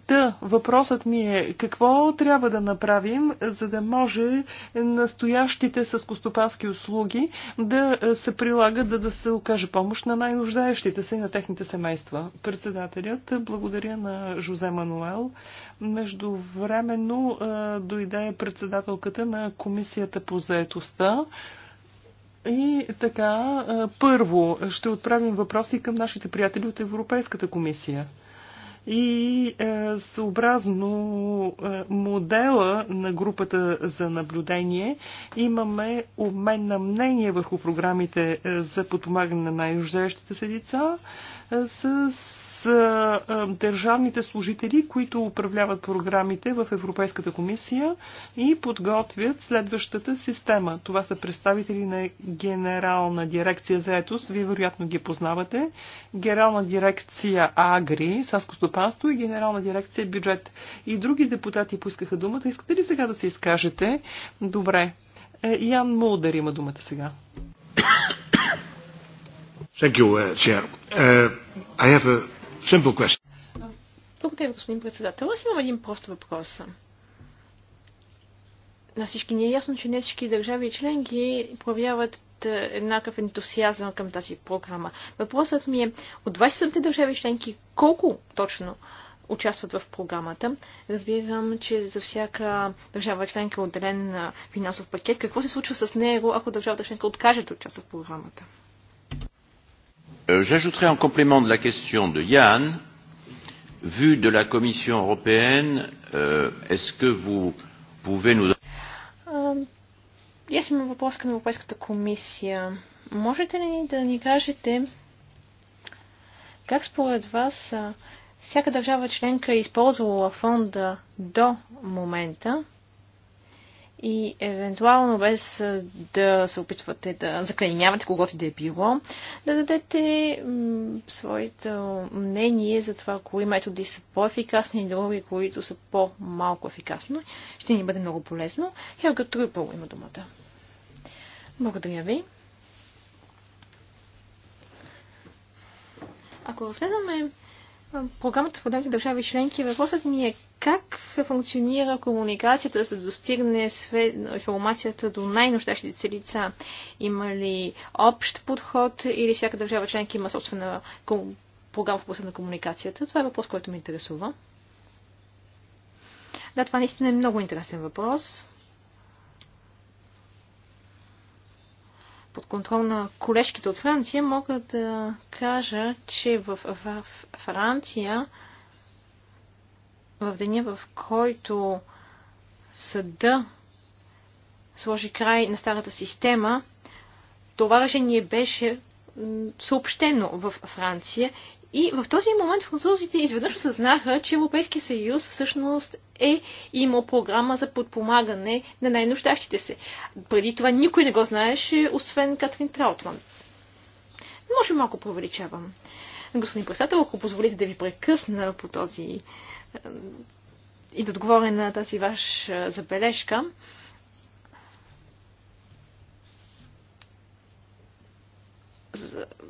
Та, въпросът ми е какво трябва да направим, за да може настоящите с костопански услуги да се прилагат, за да се окаже помощ на най-нуждаещите се и на техните семейства. Председателят, благодаря на Жозе Мануел. Междувременно дойде председателката на Комисията по заетостта. И така, първо ще отправим въпроси към нашите приятели от Европейската комисия и е, съобразно е, модела на групата за наблюдение имаме обмен на мнение върху програмите е, за подпомагане на най-нуждаещите се лица е, с за държавните служители, които управляват програмите в Европейската комисия и подготвят следващата система. Това са представители на Генерална дирекция за етос, вие вероятно ги познавате, Генерална дирекция Агри, Саско стопанство и Генерална дирекция Бюджет. И други депутати поискаха думата. Искате ли сега да се изкажете? Добре. Е, Ян Мулдър има думата сега. Thank you, uh, Chair. Uh, I have a Simple question. Благодаря, господин председател. Аз имам един прост въпрос. На всички ни е ясно, че не всички държави и членки проявяват е, еднакъв ентусиазъм към тази програма. Въпросът ми е, от 27-те държави членки, колко точно участват в програмата. Разбирам, че за всяка държава членка е отделен е, финансов пакет. Какво се случва с него, ако държавата членка откаже да участва в програмата? Euh, j'ajouterai en complément de la question de Yann, vu de la Commission européenne, euh, est-ce que vous pouvez nous Аз имам въпрос към Европейската комисия. Можете ли да ни кажете как според вас всяка държава членка е използвала фонда до момента и евентуално без да се опитвате да заклеймявате когото да е било, да дадете своето мнение за това, кои методи са по-ефикасни и други, които са по-малко ефикасни. Ще ни бъде много полезно. Хелга Трупъл има думата. Благодаря ви. Ако разгледаме програмата в отделните държави членки, въпросът ми е как функционира комуникацията, за да достигне информацията до най-нуждащите се лица. Има ли общ подход или всяка държава членка има собствена програма в областта на комуникацията? Това е въпрос, който ме интересува. Да, това наистина е много интересен въпрос. под контрол на колежките от Франция, мога да кажа, че в, в Франция в деня, в който съда сложи край на старата система, това решение беше съобщено в Франция и в този момент французите изведнъж осъзнаха, че Европейския съюз всъщност е имал програма за подпомагане на най-нуждащите се. Преди това никой не го знаеше, освен Катрин Траутман. Може малко преувеличавам. Господин председател, ако позволите да ви прекъсна по този е, и да отговоря на тази ваша забележка,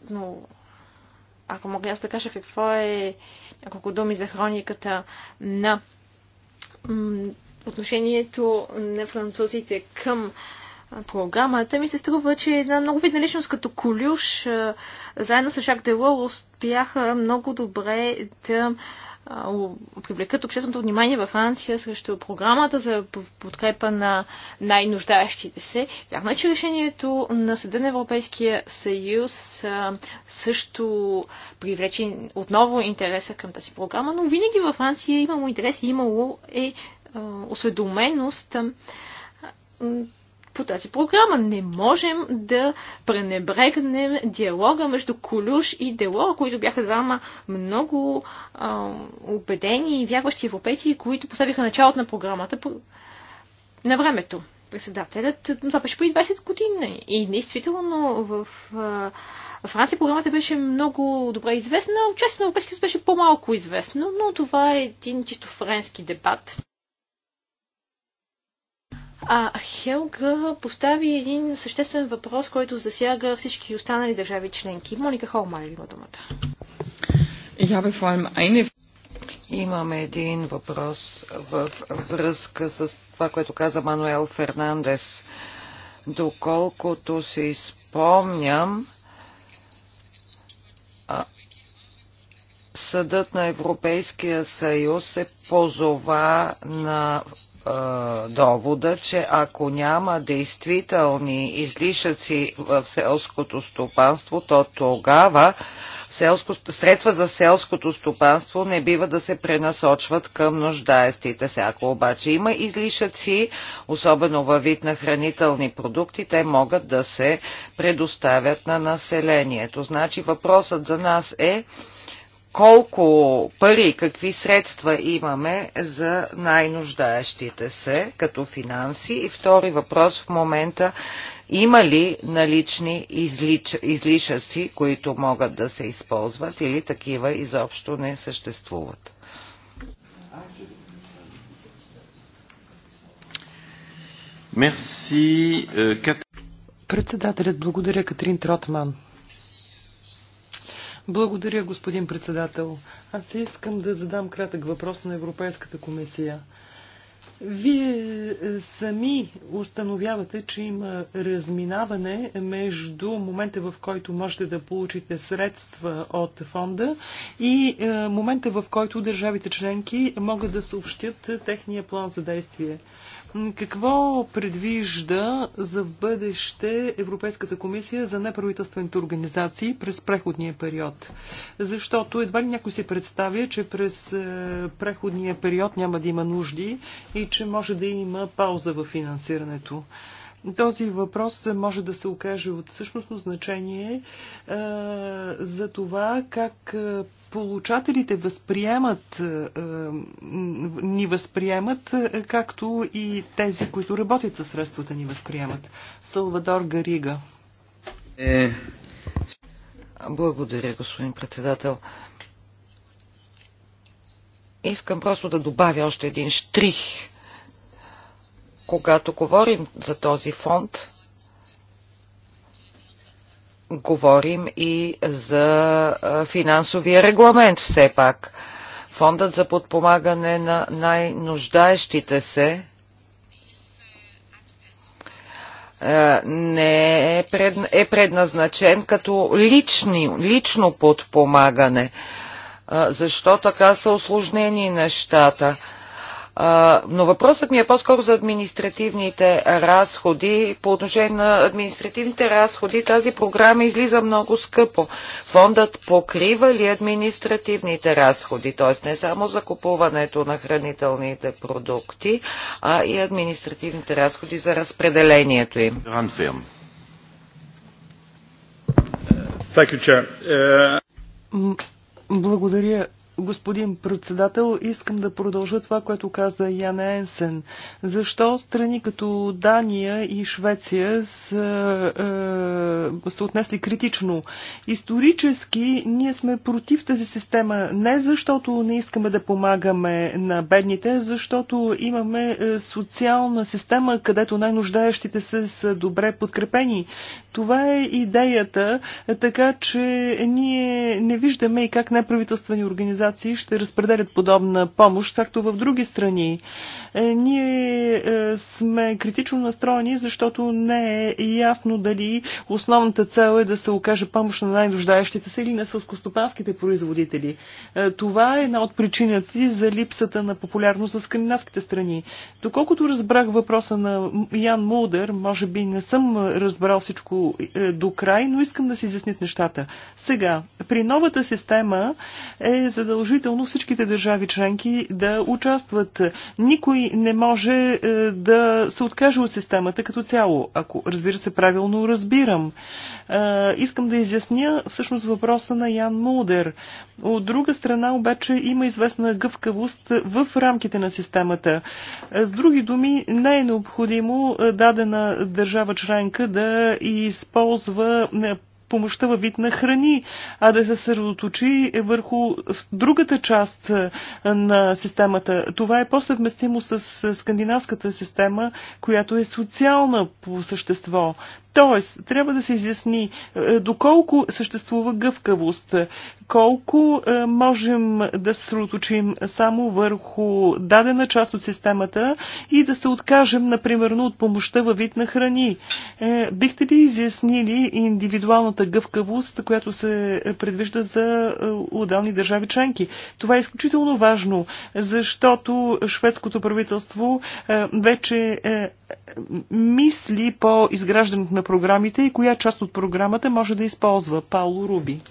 но ако мога аз да кажа какво е няколко думи за хрониката на отношението на французите към програмата, ми се струва, че е една много видна личност като Колюш, заедно с Жак Делор, успяха много добре да привлекат общественото внимание във Франция срещу програмата за подкрепа на най-нуждаещите се. Вярно е, че решението на Съда на Европейския съюз също привлече отново интереса към тази програма, но винаги във Франция имало интерес и имало е осведоменост по тази програма. Не можем да пренебрегнем диалога между Колюш и Дело, които бяха двама много а, убедени и вярващи европейци, които поставиха началото на програмата по... на времето. Председателят, това беше преди 20 години и действително в а, Франция програмата беше много добре известна, участието на Европейския беше по-малко известно, но това е един чисто френски дебат. А Хелга постави един съществен въпрос, който засяга всички останали държави членки. Моника Холмайер има думата. Имаме един въпрос в връзка с това, което каза Мануел Фернандес. Доколкото се изпомням, Съдът на Европейския съюз се позова на довода, че ако няма действителни излишъци в селското стопанство, то тогава селско, средства за селското стопанство не бива да се пренасочват към нуждаестите се. Ако обаче има излишъци, особено във вид на хранителни продукти, те могат да се предоставят на населението. Значи въпросът за нас е колко пари, какви средства имаме за най-нуждаещите се като финанси? И втори въпрос в момента има ли налични излич... излишъци, които могат да се използват или такива изобщо не съществуват? Euh, Председателят благодаря Катрин Тротман. Благодаря, господин председател. Аз искам да задам кратък въпрос на Европейската комисия. Вие е, сами установявате, че има разминаване между момента, в който можете да получите средства от фонда и е, момента, в който държавите членки могат да съобщят е, техния план за действие. Какво предвижда за бъдеще Европейската комисия за неправителствените организации през преходния период? Защото едва ли някой се представя, че през е, преходния период няма да има нужди и че може да има пауза в финансирането. Този въпрос може да се окаже от същностно значение е, за това как е, получателите възприемат, е, ни възприемат, както и тези, които работят със средствата ни възприемат. Салвадор Гарига. Е... Благодаря, господин председател. Искам просто да добавя още един штрих когато говорим за този фонд, говорим и за финансовия регламент все пак. Фондът за подпомагане на най-нуждаещите се не е, е, предназначен като лични, лично подпомагане. Защо така са осложнени нещата? Но въпросът ми е по-скоро за административните разходи. По отношение на административните разходи тази програма излиза много скъпо. Фондът покрива ли административните разходи, т.е. не само закупуването на хранителните продукти, а и административните разходи за разпределението им? Е, благодаря, Господин председател, искам да продължа това, което каза Ян Енсен. Защо страни като Дания и Швеция са е, са отнесли критично? Исторически ние сме против тази система не защото не искаме да помагаме на бедните, защото имаме е, социална система, където най-нуждаещите се са добре подкрепени. Това е идеята, така че ние не виждаме и как неправителствени организации ще разпределят подобна помощ, както в други страни. Е, ние е, сме критично настроени, защото не е ясно дали основната цел е да се окаже помощ на най-нуждаещите се или на сълскостопанските производители. Е, това е една от причините за липсата на популярност в скандинавските страни. Доколкото разбрах въпроса на Ян Мулдер, може би не съм разбрал всичко до край, но искам да си изяснят нещата. Сега, при новата система е задължително всичките държави членки да участват. Никой не може е, да се откаже от системата като цяло, ако разбира се правилно разбирам. Е, искам да изясня всъщност въпроса на Ян Мулдер. От друга страна обаче има известна гъвкавост в рамките на системата. Е, с други думи, не е необходимо дадена държава членка да използва помощта във вид на храни, а да се съсредоточи върху другата част на системата. Това е по-съвместимо с скандинавската система, която е социална по същество. Тоест, трябва да се изясни е, доколко съществува гъвкавост, колко е, можем да се сроточим само върху дадена част от системата и да се откажем, например, от помощта във вид на храни. Е, бихте ли изяснили индивидуалната гъвкавост, която се предвижда за отделни държави членки? Това е изключително важно, защото шведското правителство вече мисли по изграждането на програмите и коя част от програмата може да използва. Пауло Руби.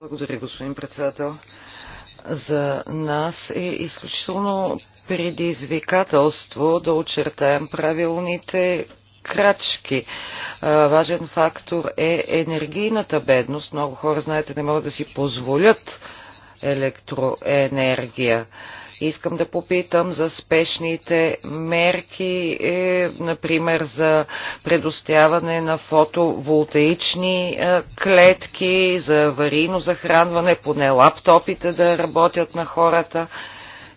Благодаря, господин председател. За нас е изключително предизвикателство да очертаем правилните крачки. Важен фактор е енергийната бедност. Много хора, знаете, не могат да си позволят електроенергия. Искам да попитам за спешните мерки, е, например за предоставяне на фотоволтаични е, клетки, за аварийно захранване, поне лаптопите да работят на хората.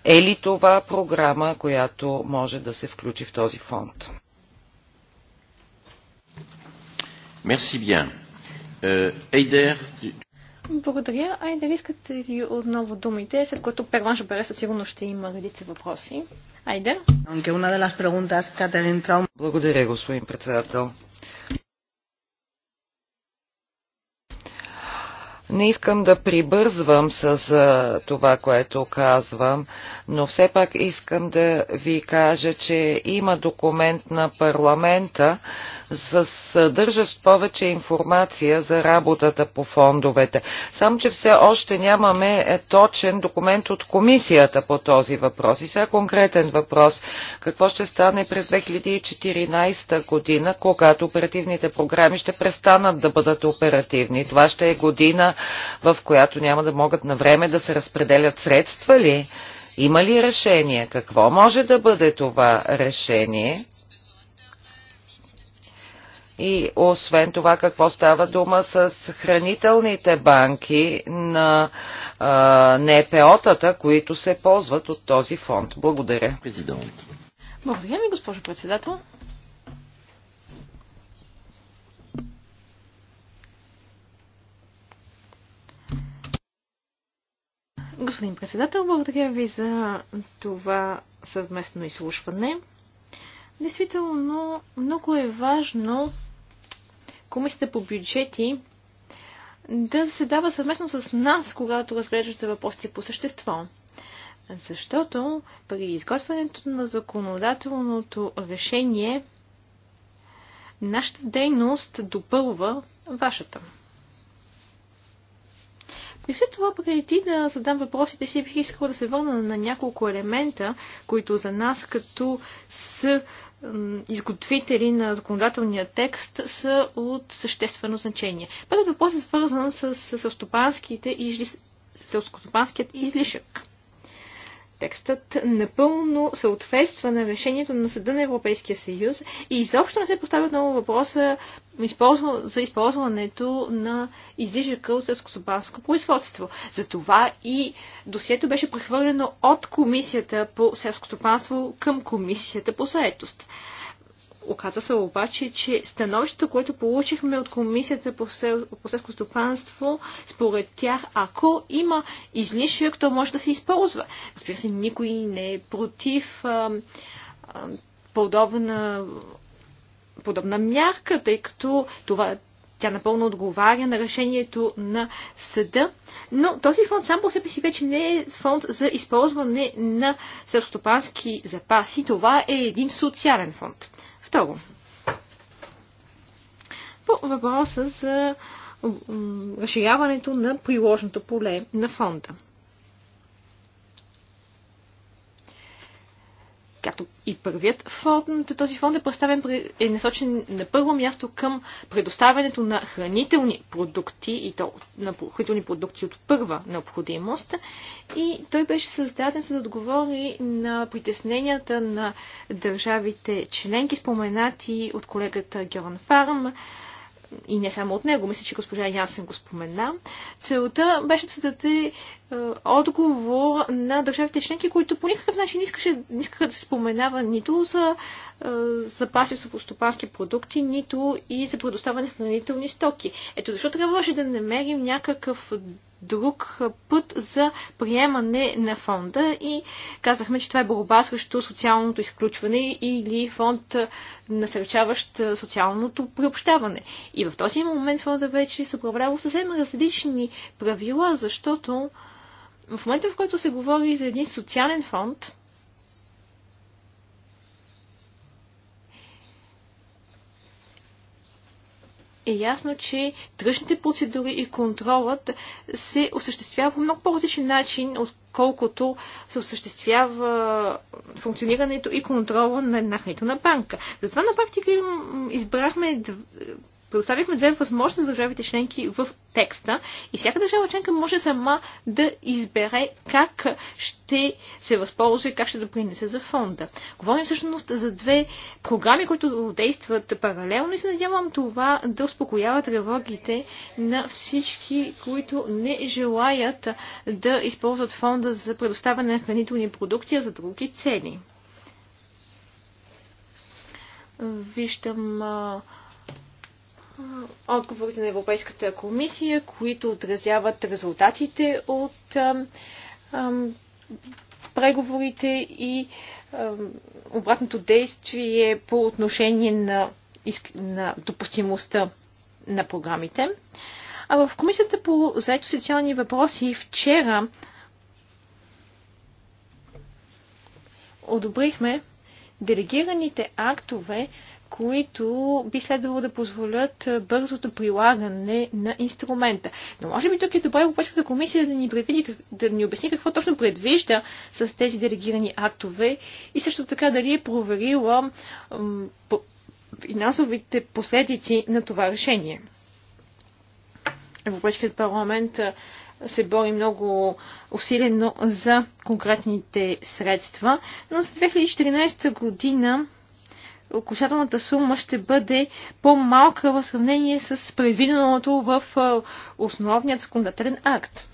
Е ли това програма, която може да се включи в този фонд? Merci bien. Euh, Eider, tu... Благодаря. Айде, дали искате ли отново думите, след което Жабере със сигурно ще има редица въпроси. Айде. Благодаря, господин председател. Не искам да прибързвам с това, което казвам, но все пак искам да ви кажа, че има документ на парламента, съдържащ повече информация за работата по фондовете. Само, че все още нямаме е, точен документ от комисията по този въпрос. И сега конкретен въпрос. Какво ще стане през 2014 година, когато оперативните програми ще престанат да бъдат оперативни? Това ще е година, в която няма да могат на време да се разпределят средства ли? Има ли решение? Какво може да бъде това решение? И освен това, какво става дума с хранителните банки на НПО-тата, които се ползват от този фонд? Благодаря. Президент. Благодаря ми, госпожо председател. Господин председател, благодаря ви за това съвместно изслушване. Действително, много е важно комисията по бюджети да се дава съвместно с нас, когато разглеждате въпросите по същество. Защото при изготвянето на законодателното решение нашата дейност допълва вашата. При все това, преди да задам въпросите си, бих искала да се върна на няколко елемента, които за нас като са изготвители на законодателния текст са от съществено значение. Първият въпрос е свързан с селскостопанският излишък. Текстът напълно съответства на решението на Съда на Европейския съюз и изобщо не се поставя отново въпроса за използването на излишъка от селскостопанско производство. Затова и досието беше прехвърлено от Комисията по сърско към Комисията по съедност. Оказва се обаче, че становището, което получихме от Комисията по, селско стопанство, според тях, ако има излишък, то може да се използва. Разбира се, никой не е против а, а, подобна, подобна мярка, тъй като това, тя напълно отговаря на решението на съда, но този фонд сам по себе си вече не е фонд за използване на селскостопански запаси. Това е един социален фонд. Второ, по въпроса за разширяването на приложното поле на фонда. както и първият фонд, този фонд е представен, е насочен на първо място към предоставянето на хранителни продукти и то на хранителни продукти от първа необходимост. И той беше създаден за да отговори на притесненията на държавите членки, споменати от колегата Георан Фарм и не само от него, мисля, че госпожа Янсен го спомена. Целта беше да се даде е, отговор на държавите членки, които по никакъв начин искаше, не искаха да се споменава нито за е, запаси от стопански продукти, нито и за предоставяне на хранителни стоки. Ето защо трябваше да намерим някакъв друг път за приемане на фонда и казахме, че това е борба срещу социалното изключване или фонд е, насърчаващ социалното приобщаване. И в този момент фонда вече се управлява съвсем различни правила, защото в момента, в който се говори за един социален фонд, е ясно, че тръжните процедури и контролът се осъществява по много по-различен начин, отколкото се осъществява функционирането и контрола на една хранителна банка. Затова на практика избрахме предоставихме две възможности за държавите членки в текста и всяка държава членка може сама да избере как ще се възползва и как ще допринесе за фонда. Говорим всъщност за две програми, които действат паралелно и се надявам това да успокоява тревогите на всички, които не желаят да използват фонда за предоставяне на хранителни продукти, а за други цели. Виждам отговорите на Европейската комисия, които отразяват резултатите от преговорите и обратното действие по отношение на, на допустимостта на програмите. А в Комисията по заето социални въпроси вчера одобрихме делегираните актове които би следвало да позволят бързото прилагане на инструмента. Но може би тук е добре Европейската комисия да ни, предвиди, да ни обясни какво точно предвижда с тези делегирани актове и също така дали е проверила финансовите последици на това решение. Европейският парламент се бори много усилено за конкретните средства, но за 2014 година окончателната сума ще бъде по-малка в сравнение с предвиденото в основният законодателен акт.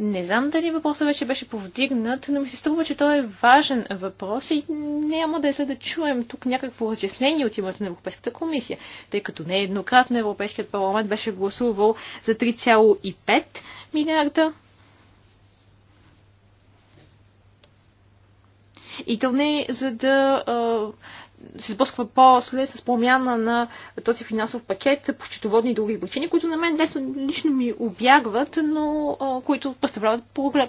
Не знам дали въпросът вече беше повдигнат, но ми се струва, че той е важен въпрос и няма да е след да чуем тук някакво разяснение от името на Европейската комисия, тъй като не еднократно Европейският парламент беше гласувал за 3,5 милиарда. И то не е за да се сблъсква после с промяна на този финансов пакет по счетоводни и други причини, които на мен лесно лично ми обягват, но а, които представляват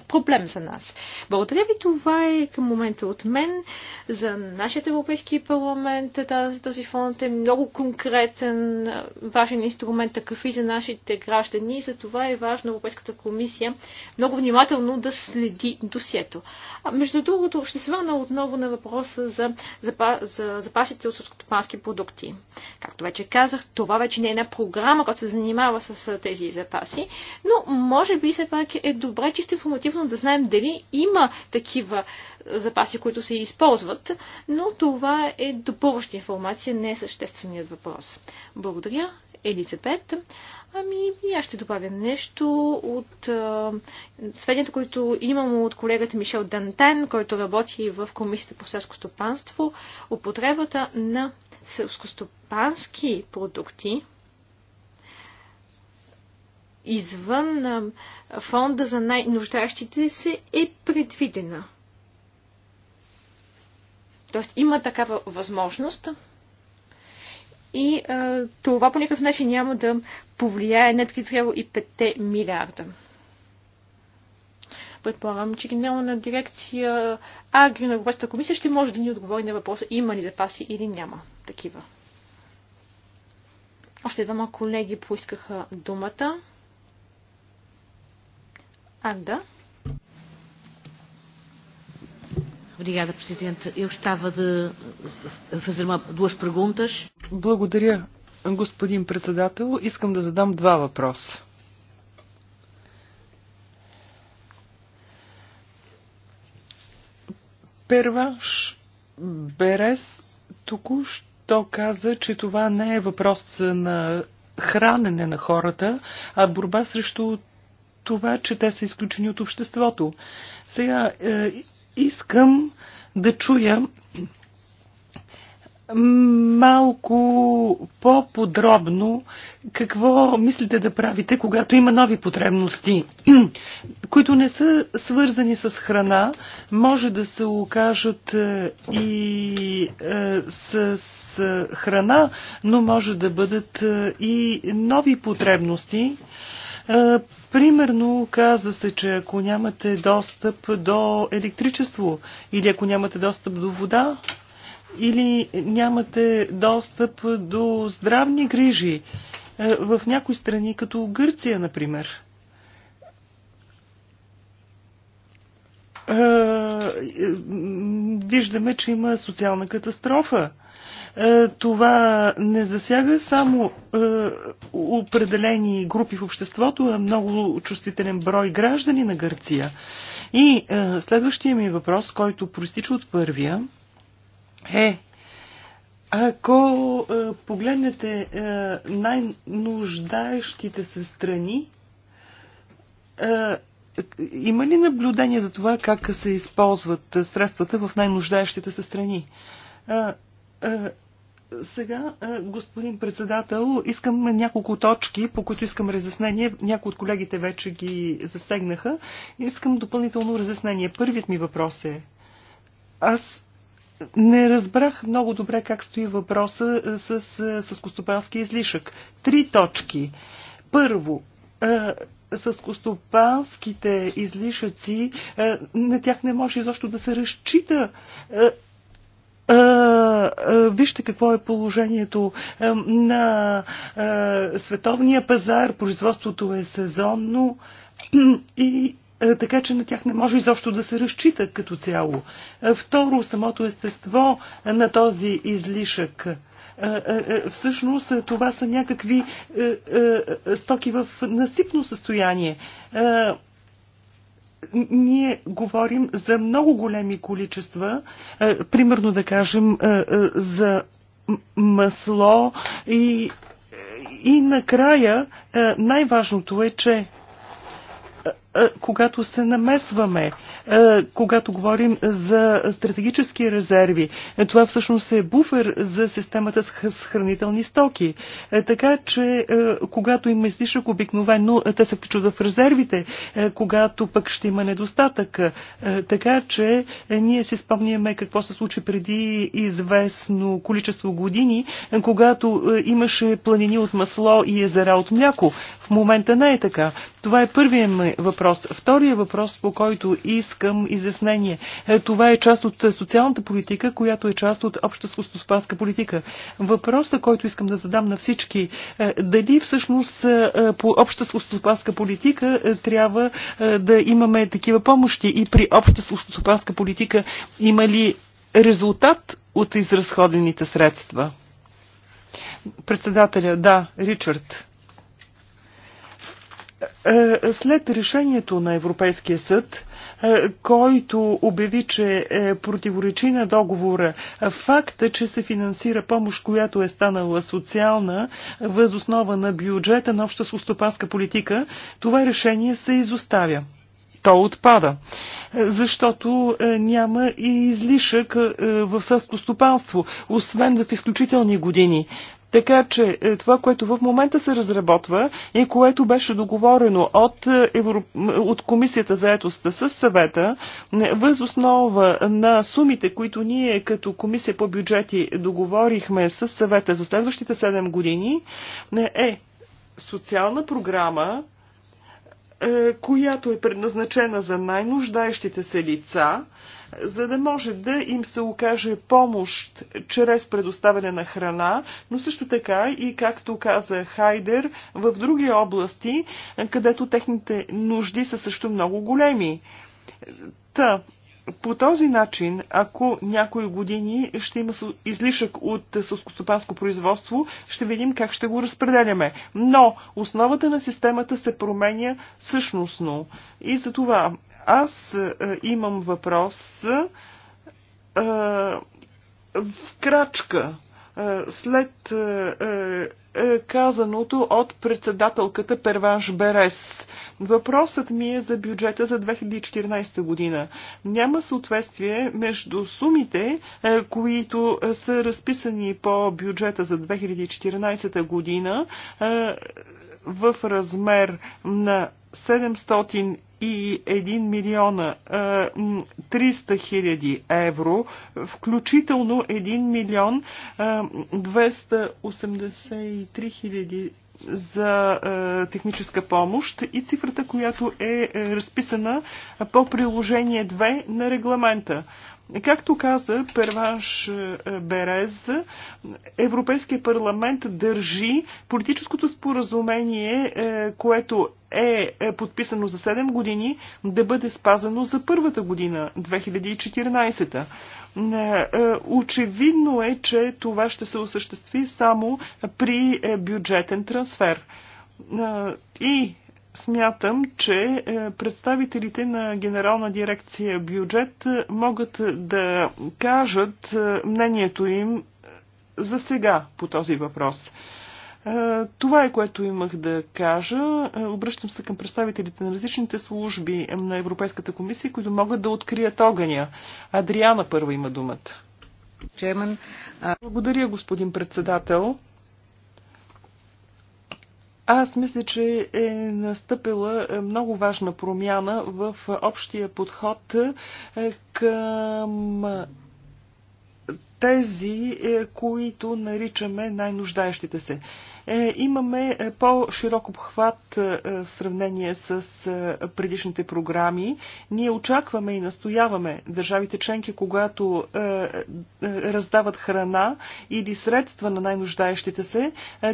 проблем за нас. Благодаря ви, това е към момента от мен. За нашия Европейски парламент тази, този фонд е много конкретен, важен инструмент, такъв и за нашите граждани. за това е важно Европейската комисия много внимателно да следи досието. А, между другото, ще се върна отново на въпроса за, за, за запасите от сълскотопански продукти. Както вече казах, това вече не е една програма, която се занимава с тези запаси, но може би все пак е добре чисто информативно да знаем дали има такива запаси, които се използват, но това е допълваща информация, не е същественият въпрос. Благодаря. Елизабет. Ами, аз ще добавя нещо от а, сведенията, които имам от колегата Мишел Дантен, който работи в Комисията по селско стопанство. Употребата на селскостопански продукти извън а, фонда за най-нуждащите се е предвидена. Тоест има такава възможност и а, това по никакъв начин няма да повлияе на 3,5 милиарда. Предполагам, че генерална дирекция Агри на Европейската комисия ще може да ни отговори на въпроса има ли запаси или няма такива. Още двама колеги поискаха думата. Анда. Да. Obrigada, Presidente. Eu gostava de fazer uma, duas perguntas. Благодаря, господин председател. Искам да задам два въпроса. Перваш Берес току-що каза, че това не е въпрос на хранене на хората, а борба срещу това, че те са изключени от обществото. Сега, е, Искам да чуя малко по-подробно какво мислите да правите, когато има нови потребности, [CLEARS THROAT] които не са свързани с храна, може да се окажат е, и е, с храна, но може да бъдат е, и нови потребности. Примерно, каза се, че ако нямате достъп до електричество или ако нямате достъп до вода, или нямате достъп до здравни грижи в някои страни, като Гърция, например. Виждаме, че има социална катастрофа. Е, това не засяга само е, определени групи в обществото, а много чувствителен брой граждани на Гърция. И е, следващия ми въпрос, който проистича от първия, е ако е, погледнете е, най-нуждаещите се страни, е, има ли наблюдение за това как се използват средствата в най-нуждаещите се страни? Е, сега, е, господин председател, искам няколко точки, по които искам разяснение. Някои от колегите вече ги засегнаха. Искам допълнително разяснение. Първият ми въпрос е. Аз не разбрах много добре как стои въпроса е, с, с костопански излишък. Три точки. Първо, с костопанските излишъци, на тях не може изобщо да се разчита. Е, вижте какво е положението е, на е, световния пазар. Производството е сезонно и така че на тях не може изобщо да се разчита като цяло. Второ, самото естество на този излишък всъщност това са някакви стоки в насипно състояние ние говорим за много големи количества, е, примерно да кажем е, е, за масло и, и накрая най-важното е, че е, когато се намесваме, е, когато говорим за стратегически резерви. Е, това всъщност е буфер за системата с хранителни стоки. Така че, когато има излишък, обикновено те се включват в резервите, когато пък ще има недостатък. Така че, ние си спомняме какво се случи преди известно количество години, когато имаше планини от масло и езера от мляко. В момента не е така. Това е първият ми въпрос. Втория въпрос, по който искам изяснение. Е, това е част от социалната политика, която е част от обща скостоспанска политика. Въпросът, който искам да задам на всички, е, дали всъщност е, по обща скостопанска политика трябва да имаме такива помощи и при обща скостопанска политика има ли резултат от изразходените средства? Председателя, да, Ричард. Е, след решението на Европейския съд, е, който обяви, че е, противоречи на договора факта, че се финансира помощ, която е станала социална, възоснова на бюджета на обща сустопанска политика, това решение се изоставя то отпада, защото няма и излишък в сълскостопанство, освен в изключителни години. Така че е, това, което в момента се разработва и което беше договорено от, е, Европ... от Комисията за етостта с съвета, е, въз основа на сумите, които ние като Комисия по бюджети договорихме с съвета за следващите 7 години, е социална програма, която е предназначена за най-нуждаещите се лица, за да може да им се окаже помощ чрез предоставяне на храна, но също така и, както каза Хайдер, в други области, където техните нужди са също много големи. Та, по този начин, ако някои години ще има излишък от сълскостопанско производство, ще видим как ще го разпределяме. Но основата на системата се променя същностно. И за това аз е, имам въпрос е, е, в крачка след е, казаното от председателката Перванш Берес. Въпросът ми е за бюджета за 2014 година. Няма съответствие между сумите, е, които са разписани по бюджета за 2014 година е, в размер на 701 милиона 300 е, хиляди евро, включително 1 милион 283 е, хиляди за е, техническа помощ и цифрата, която е разписана по приложение 2 на регламента. Както каза Перванш е, Берез, Европейския парламент държи политическото споразумение, е, което е, е подписано за 7 години, да бъде спазано за първата година, 2014. Очевидно е, че това ще се осъществи само при бюджетен трансфер. И смятам, че е, представителите на Генерална дирекция бюджет е, могат да кажат е, мнението им за сега по този въпрос. Това е което имах да кажа. Обръщам се към представителите на различните служби на Европейската комисия, които могат да открият огъня. Адриана първа има думата. Благодаря, господин председател. Аз мисля, че е настъпила е, много важна промяна в е, общия подход е, към тези, които наричаме най-нуждаещите се. Е, имаме е, по-широк обхват е, в сравнение с предишните програми. Ние очакваме и настояваме държавите членки, когато раздават храна или средства на най-нуждаещите се,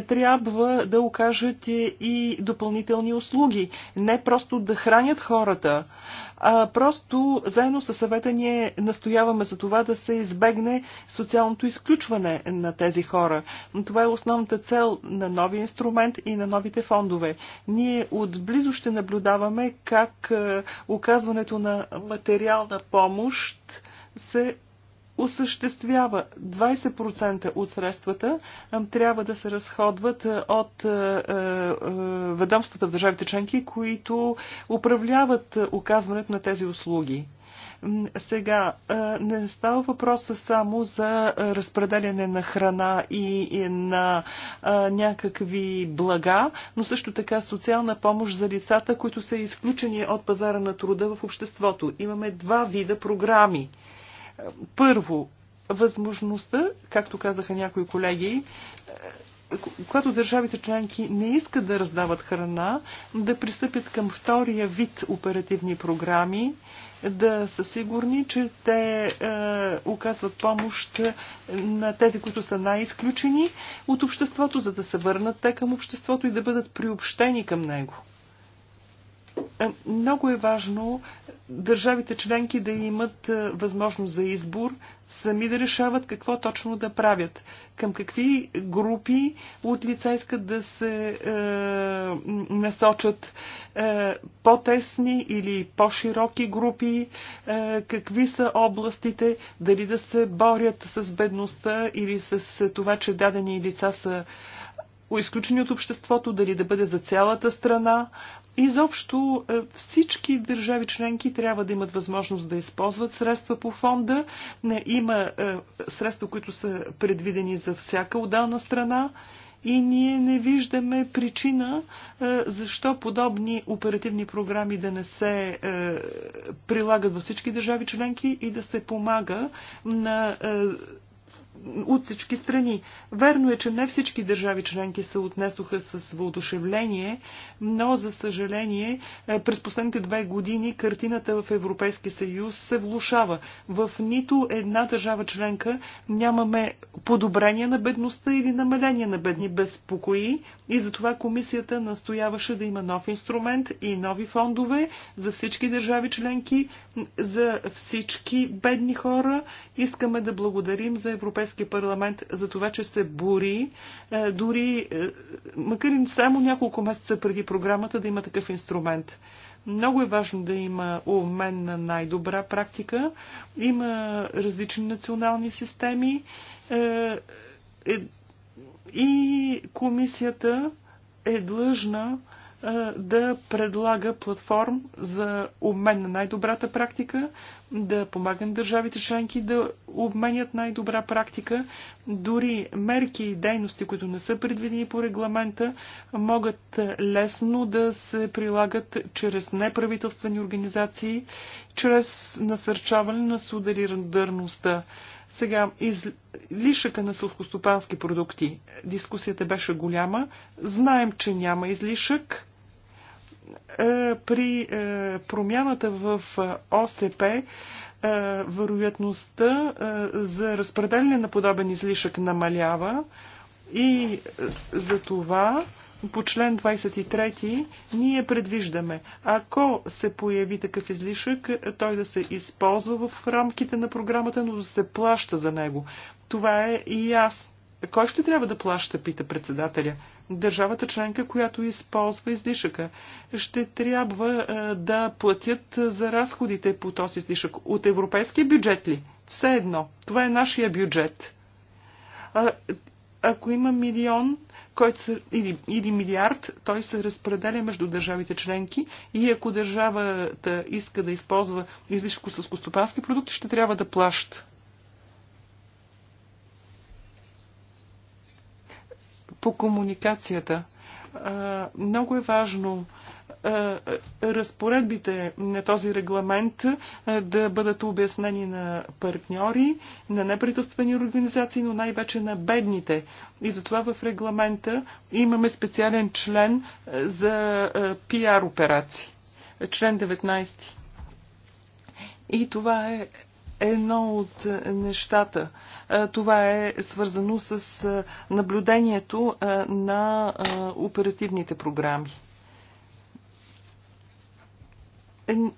трябва да окажат и допълнителни услуги. Не просто да хранят хората, а просто заедно със съвета ние настояваме за това да се избегне социалното изключване на тези хора. Това е основната цел на новия инструмент и на новите фондове. Ние отблизо ще наблюдаваме как оказването на материална помощ се осъществява 20% от средствата, трябва да се разходват е, от е, е, ведомствата в държавите членки, които управляват оказването на тези услуги. Сега, не става въпроса само за разпределяне на храна и на някакви блага, но също така социална помощ за лицата, които са изключени от пазара на труда в обществото. Имаме два вида програми първо, възможността, както казаха някои колеги, е, когато държавите членки не искат да раздават храна, да пристъпят към втория вид оперативни програми, да са сигурни, че те е, оказват помощ на тези, които са най-изключени от обществото, за да се върнат те към обществото и да бъдат приобщени към него. Е, много е важно държавите членки да имат е, възможност за избор, сами да решават какво точно да правят, към какви групи от лица искат да се е, насочат е, по-тесни или по-широки групи, е, какви са областите, дали да се борят с бедността или с това, че дадени лица са е, изключени от обществото, дали да бъде за цялата страна. Изобщо е, всички държави членки трябва да имат възможност да използват средства по фонда. Е, има е, средства, които са предвидени за всяка отдална страна и ние не виждаме причина защо подобни оперативни програми да не се прилагат във всички държави членки и да се помага на от всички страни. Верно е, че не всички държави членки се отнесоха с въодушевление, но за съжаление е, през последните две години картината в Европейския съюз се влушава. В нито една държава членка нямаме подобрение на бедността или намаление на бедни безпокои и затова комисията настояваше да има нов инструмент и нови фондове за всички държави членки, за всички бедни хора. Искаме да благодарим за Европейския Европейски парламент за това, че се бори, е, дори е, макар и само няколко месеца преди програмата да има такъв инструмент. Много е важно да има обмен на най-добра практика. Има различни национални системи е, и комисията е длъжна да предлага платформ за обмен на най-добрата практика, да помага на държавите членки да обменят най-добра практика. Дори мерки и дейности, които не са предвидени по регламента, могат лесно да се прилагат чрез неправителствени организации, чрез насърчаване на солидарността. Сега, излишъка на сухостопански продукти. Дискусията беше голяма. Знаем, че няма излишък. Е, при е, промяната в е, ОСП вероятността за разпределение на подобен излишък намалява и за това по член 23 ние предвиждаме, ако се появи такъв излишък, той да се използва в рамките на програмата, но да се плаща за него. Това е и аз. Кой ще трябва да плаща, пита председателя. Държавата членка, която използва излишъка, ще трябва е, да платят за разходите по този излишък. От европейския бюджет ли? Все едно. Това е нашия бюджет. А, ако има милион, който са, или, или милиард, той се разпределя между държавите членки и ако държавата иска да използва излишко с костопански продукти, ще трябва да плаща. По комуникацията. Много е важно а, е, разпоредбите на този регламент е, да бъдат обяснени на партньори, на непредъствени организации, но най-вече на бедните. И затова в регламента имаме специален член е, за пиар операции. Член 19. И това е едно от нещата. Това е свързано с наблюдението на оперативните програми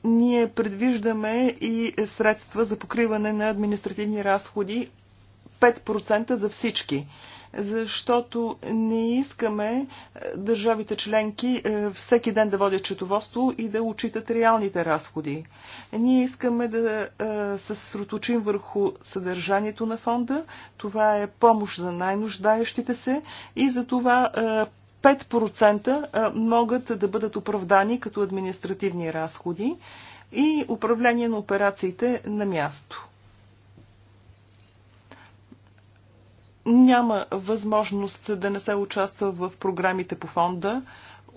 ние предвиждаме и средства за покриване на административни разходи 5% за всички защото не искаме е, държавите членки е, всеки ден да водят счетоводство и да отчитат реалните разходи. Ние искаме да е, се сроточим върху съдържанието на фонда. Това е помощ за най-нуждаещите се и за това 5% могат да бъдат оправдани като административни разходи и управление на операциите на място. Няма възможност да не се участва в програмите по фонда,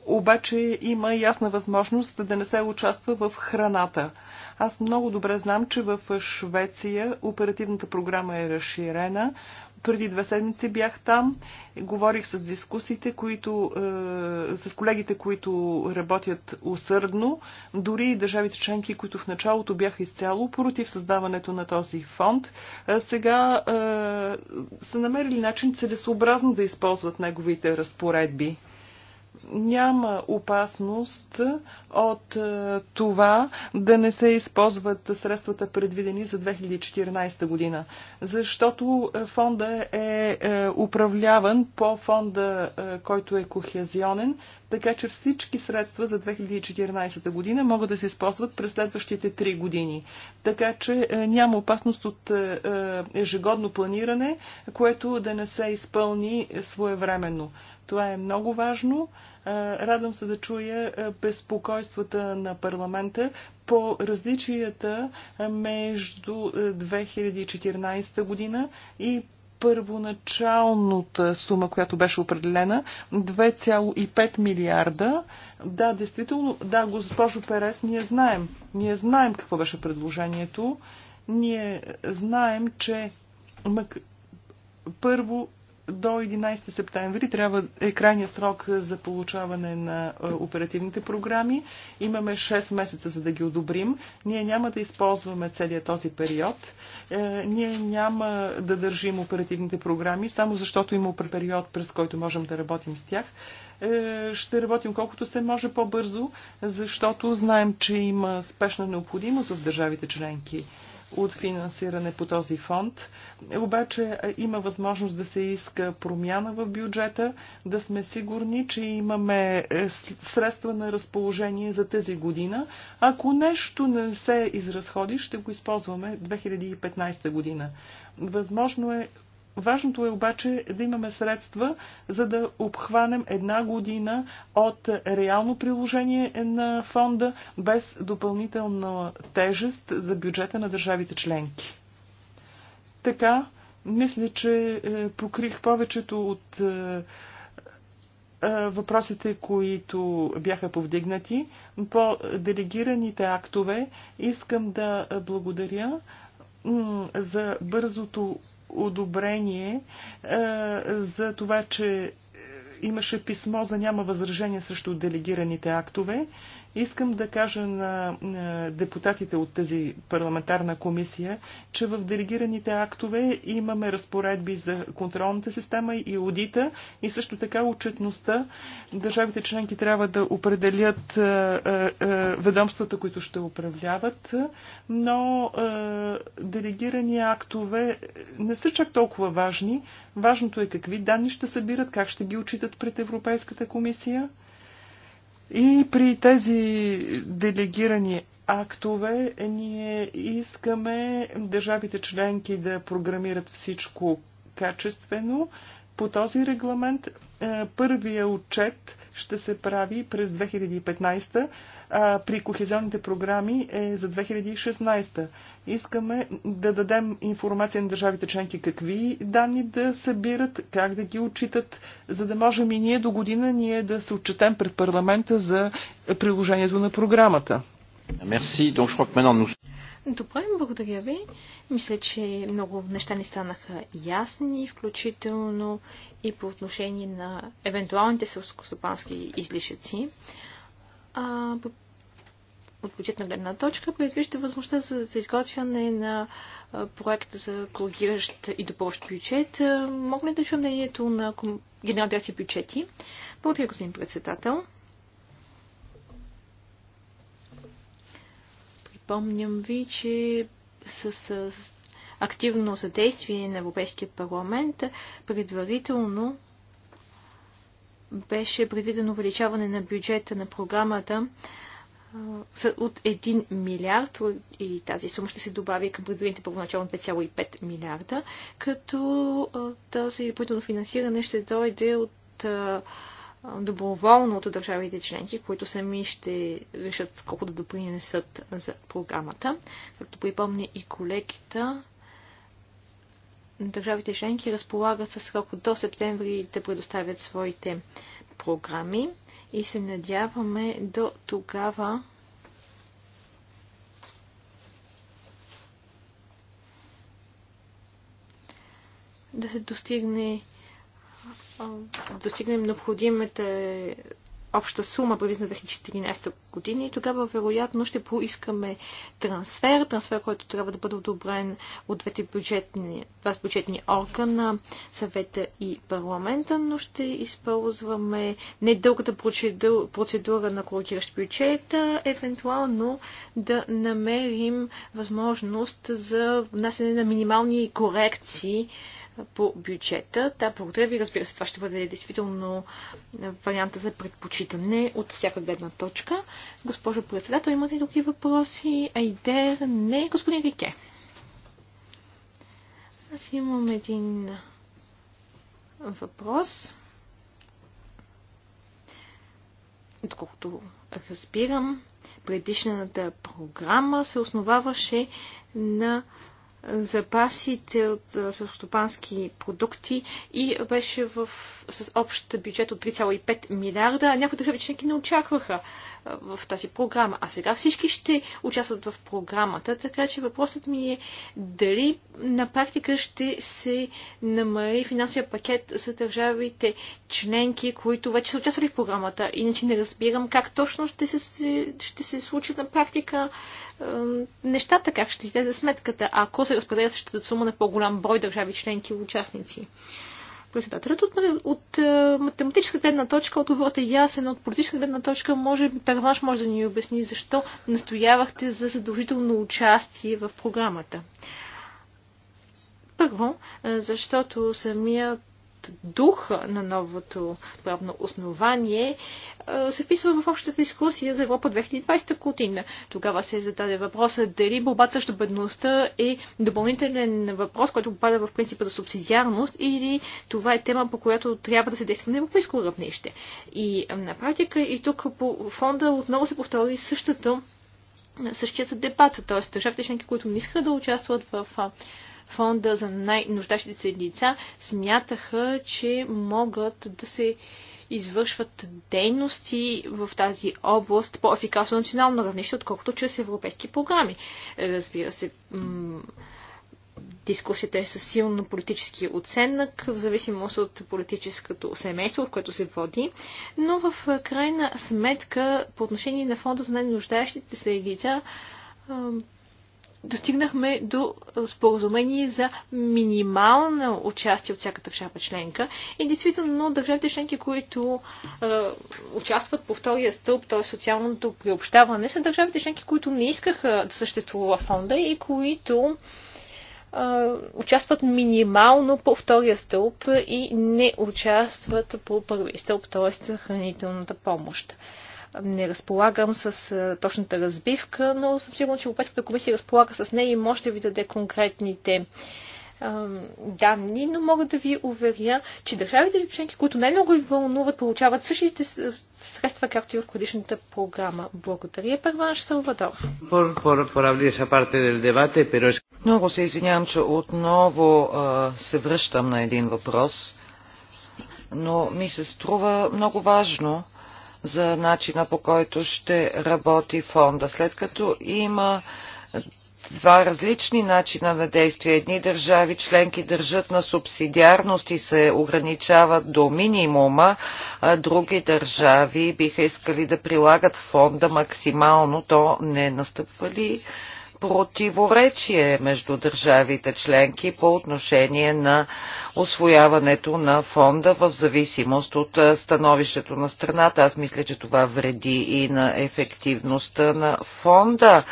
обаче има ясна възможност да не се участва в храната – аз много добре знам, че в Швеция оперативната програма е разширена. Преди две седмици бях там, говорих с дискусите, които, е, с колегите, които работят усърдно, дори и държавите членки, които в началото бяха изцяло против създаването на този фонд, е, сега е, са намерили начин целесообразно да използват неговите разпоредби няма опасност от е, това да не се използват средствата предвидени за 2014 година, защото е, фонда е, е управляван по фонда, който е кохезионен, така че всички средства за 2014 година могат да се използват през следващите 3 години. Така че няма опасност от ежегодно планиране, което да не се изпълни своевременно. Това е много важно. Е, радвам се да чуя е, безпокойствата на парламента по различията е, между 2014 година и първоначалната сума, която беше определена, 2,5 милиарда. Да, действително, да, госпожо Перес, ние знаем. Ние знаем какво беше предложението. Ние знаем, че първо до 11 септември трябва е крайния срок за получаване на е, оперативните програми. Имаме 6 месеца за да ги одобрим. Ние няма да използваме целият този период. Е, ние няма да държим оперативните програми, само защото има период, през който можем да работим с тях. Е, ще работим колкото се може по-бързо, защото знаем, че има спешна необходимост в държавите членки от финансиране по този фонд. Обаче има възможност да се иска промяна в бюджета, да сме сигурни, че имаме е, средства на разположение за тази година. Ако нещо не се изразходи, ще го използваме 2015 година. Възможно е Важното е обаче да имаме средства, за да обхванем една година от реално приложение на фонда без допълнителна тежест за бюджета на държавите членки. Така, мисля, че е, покрих повечето от е, е, въпросите, които бяха повдигнати. По делегираните актове искам да благодаря за бързото одобрение е, за това, че е, имаше писмо за няма възражение срещу делегираните актове. Искам да кажа на депутатите от тази парламентарна комисия, че в делегираните актове имаме разпоредби за контролната система и аудита и също така отчетността. Държавите членки трябва да определят е, е, е, ведомствата, които ще управляват, но делегирани актове не са чак толкова важни. Важното е какви данни ще събират, как ще ги отчитат пред Европейската комисия. И при тези делегирани актове ние искаме държавите членки да програмират всичко качествено, по този регламент е, първия отчет ще се прави през 2015, а при кохезионните програми е за 2016. Искаме да дадем информация на държавите членки какви данни да събират, как да ги отчитат, за да можем и ние до година ние да се отчетем пред парламента за приложението на програмата. Merci. Donc, je crois que maintenant nous... Добре, благодаря ви. Мисля, че много неща ни станаха ясни, включително и по отношение на евентуалните селскостопански излишъци. А, от бюджетна гледна точка предвижда възможността за, за изготвяне на а, проект за коригиращ и допълващ бюджет. Мога ли да чуя мнението на генерал бюджети? Благодаря, господин председател. Припомням ви, че с, с активно съдействие на Европейския парламент предварително беше предвидено увеличаване на бюджета на програмата от 1 милиард и тази сума ще се добави към предвидените първоначално 2,5 милиарда, като този предвидено финансиране ще дойде от доброволно от държавите членки, които сами ще решат колко да допринесат за програмата. Както припомня и колегите, държавите членки разполагат със срок до септември да предоставят своите програми и се надяваме до тогава да се достигне достигнем необходимата обща сума преди за 2014 година и тогава вероятно ще поискаме трансфер, трансфер, който трябва да бъде одобрен от двете бюджетни, два бюджетни органа, съвета и парламента, но ще използваме недългата процедура, процедура на коригиращ бюджета, евентуално да намерим възможност за внасяне на минимални корекции по бюджета. Да, благодаря ви. Разбира се, това ще бъде действително е, варианта за предпочитане от всяка гледна точка. Госпожо председател, имате ли други въпроси? Айдер? Не, господин Рике. Аз имам един въпрос. Доколкото разбирам, предишната програма се основаваше на запасите от селскостопански продукти и беше в, с общ бюджет от 3,5 милиарда. Някои държави членки не очакваха в тази програма. А сега всички ще участват в програмата, така че въпросът ми е дали на практика ще се намали финансовия пакет за държавите членки, които вече са участвали в програмата. Иначе не разбирам как точно ще се, ще се случат на практика нещата, как ще излезе сметката, ако се разпределя същата сума на по-голям брой държави членки и участници председателят. От, от е, математическа гледна точка отговорът е ясен, от политическа гледна точка може би Перваш може да ни обясни защо настоявахте за задължително участие в програмата. Първо, е, защото самият дух на новото правно основание се вписва в общата дискусия за Европа 2020 година. Тогава се зададе въпроса дали борбата срещу бедността е допълнителен въпрос, който попада в принципа за субсидиарност или това е тема, по която трябва да се действа на европейско равнище. И на практика и тук по фонда отново се повтори същото същият дебат, т.е. държавите членки, които не искаха да участват в фонда за най-нуждащите се лица смятаха, че могат да се извършват дейности в тази област по-ефикасно национално равнище, отколкото чрез европейски програми. Разбира се, дискусията е със силно политически оценък, в зависимост от политическото семейство, в което се води, но в крайна сметка, по отношение на фонда за най нуждащите се лица, достигнахме до споразумение за минимално участие от всяка държава членка. И действително държавите членки, които е, участват по втория стълб, т.е. социалното приобщаване, са държавите членки, които не искаха да съществува фонда и които участват минимално по втория стълб и не участват по първи стълб, т.е. хранителната помощ не разполагам с е, точната разбивка, но съм сигурна, че Европейската комисия разполага с нея и може да ви даде конкретните данни, но мога да ви уверя, че държавите членки, които най-много ви вълнуват, получават същите средства, както и в годишната програма. Благодаря, Първанш Салвадор. Е- много се извинявам, че отново а, се връщам на един въпрос, но ми се струва много важно – за начина по който ще работи фонда. След като има два различни начина на действие. Едни държави членки държат на субсидиарност и се ограничават до минимума, а други държави биха искали да прилагат фонда максимално. То не настъпва ли противоречие между държавите членки по отношение на освояването на фонда в зависимост от становището на страната. Аз мисля, че това вреди и на ефективността на фонда.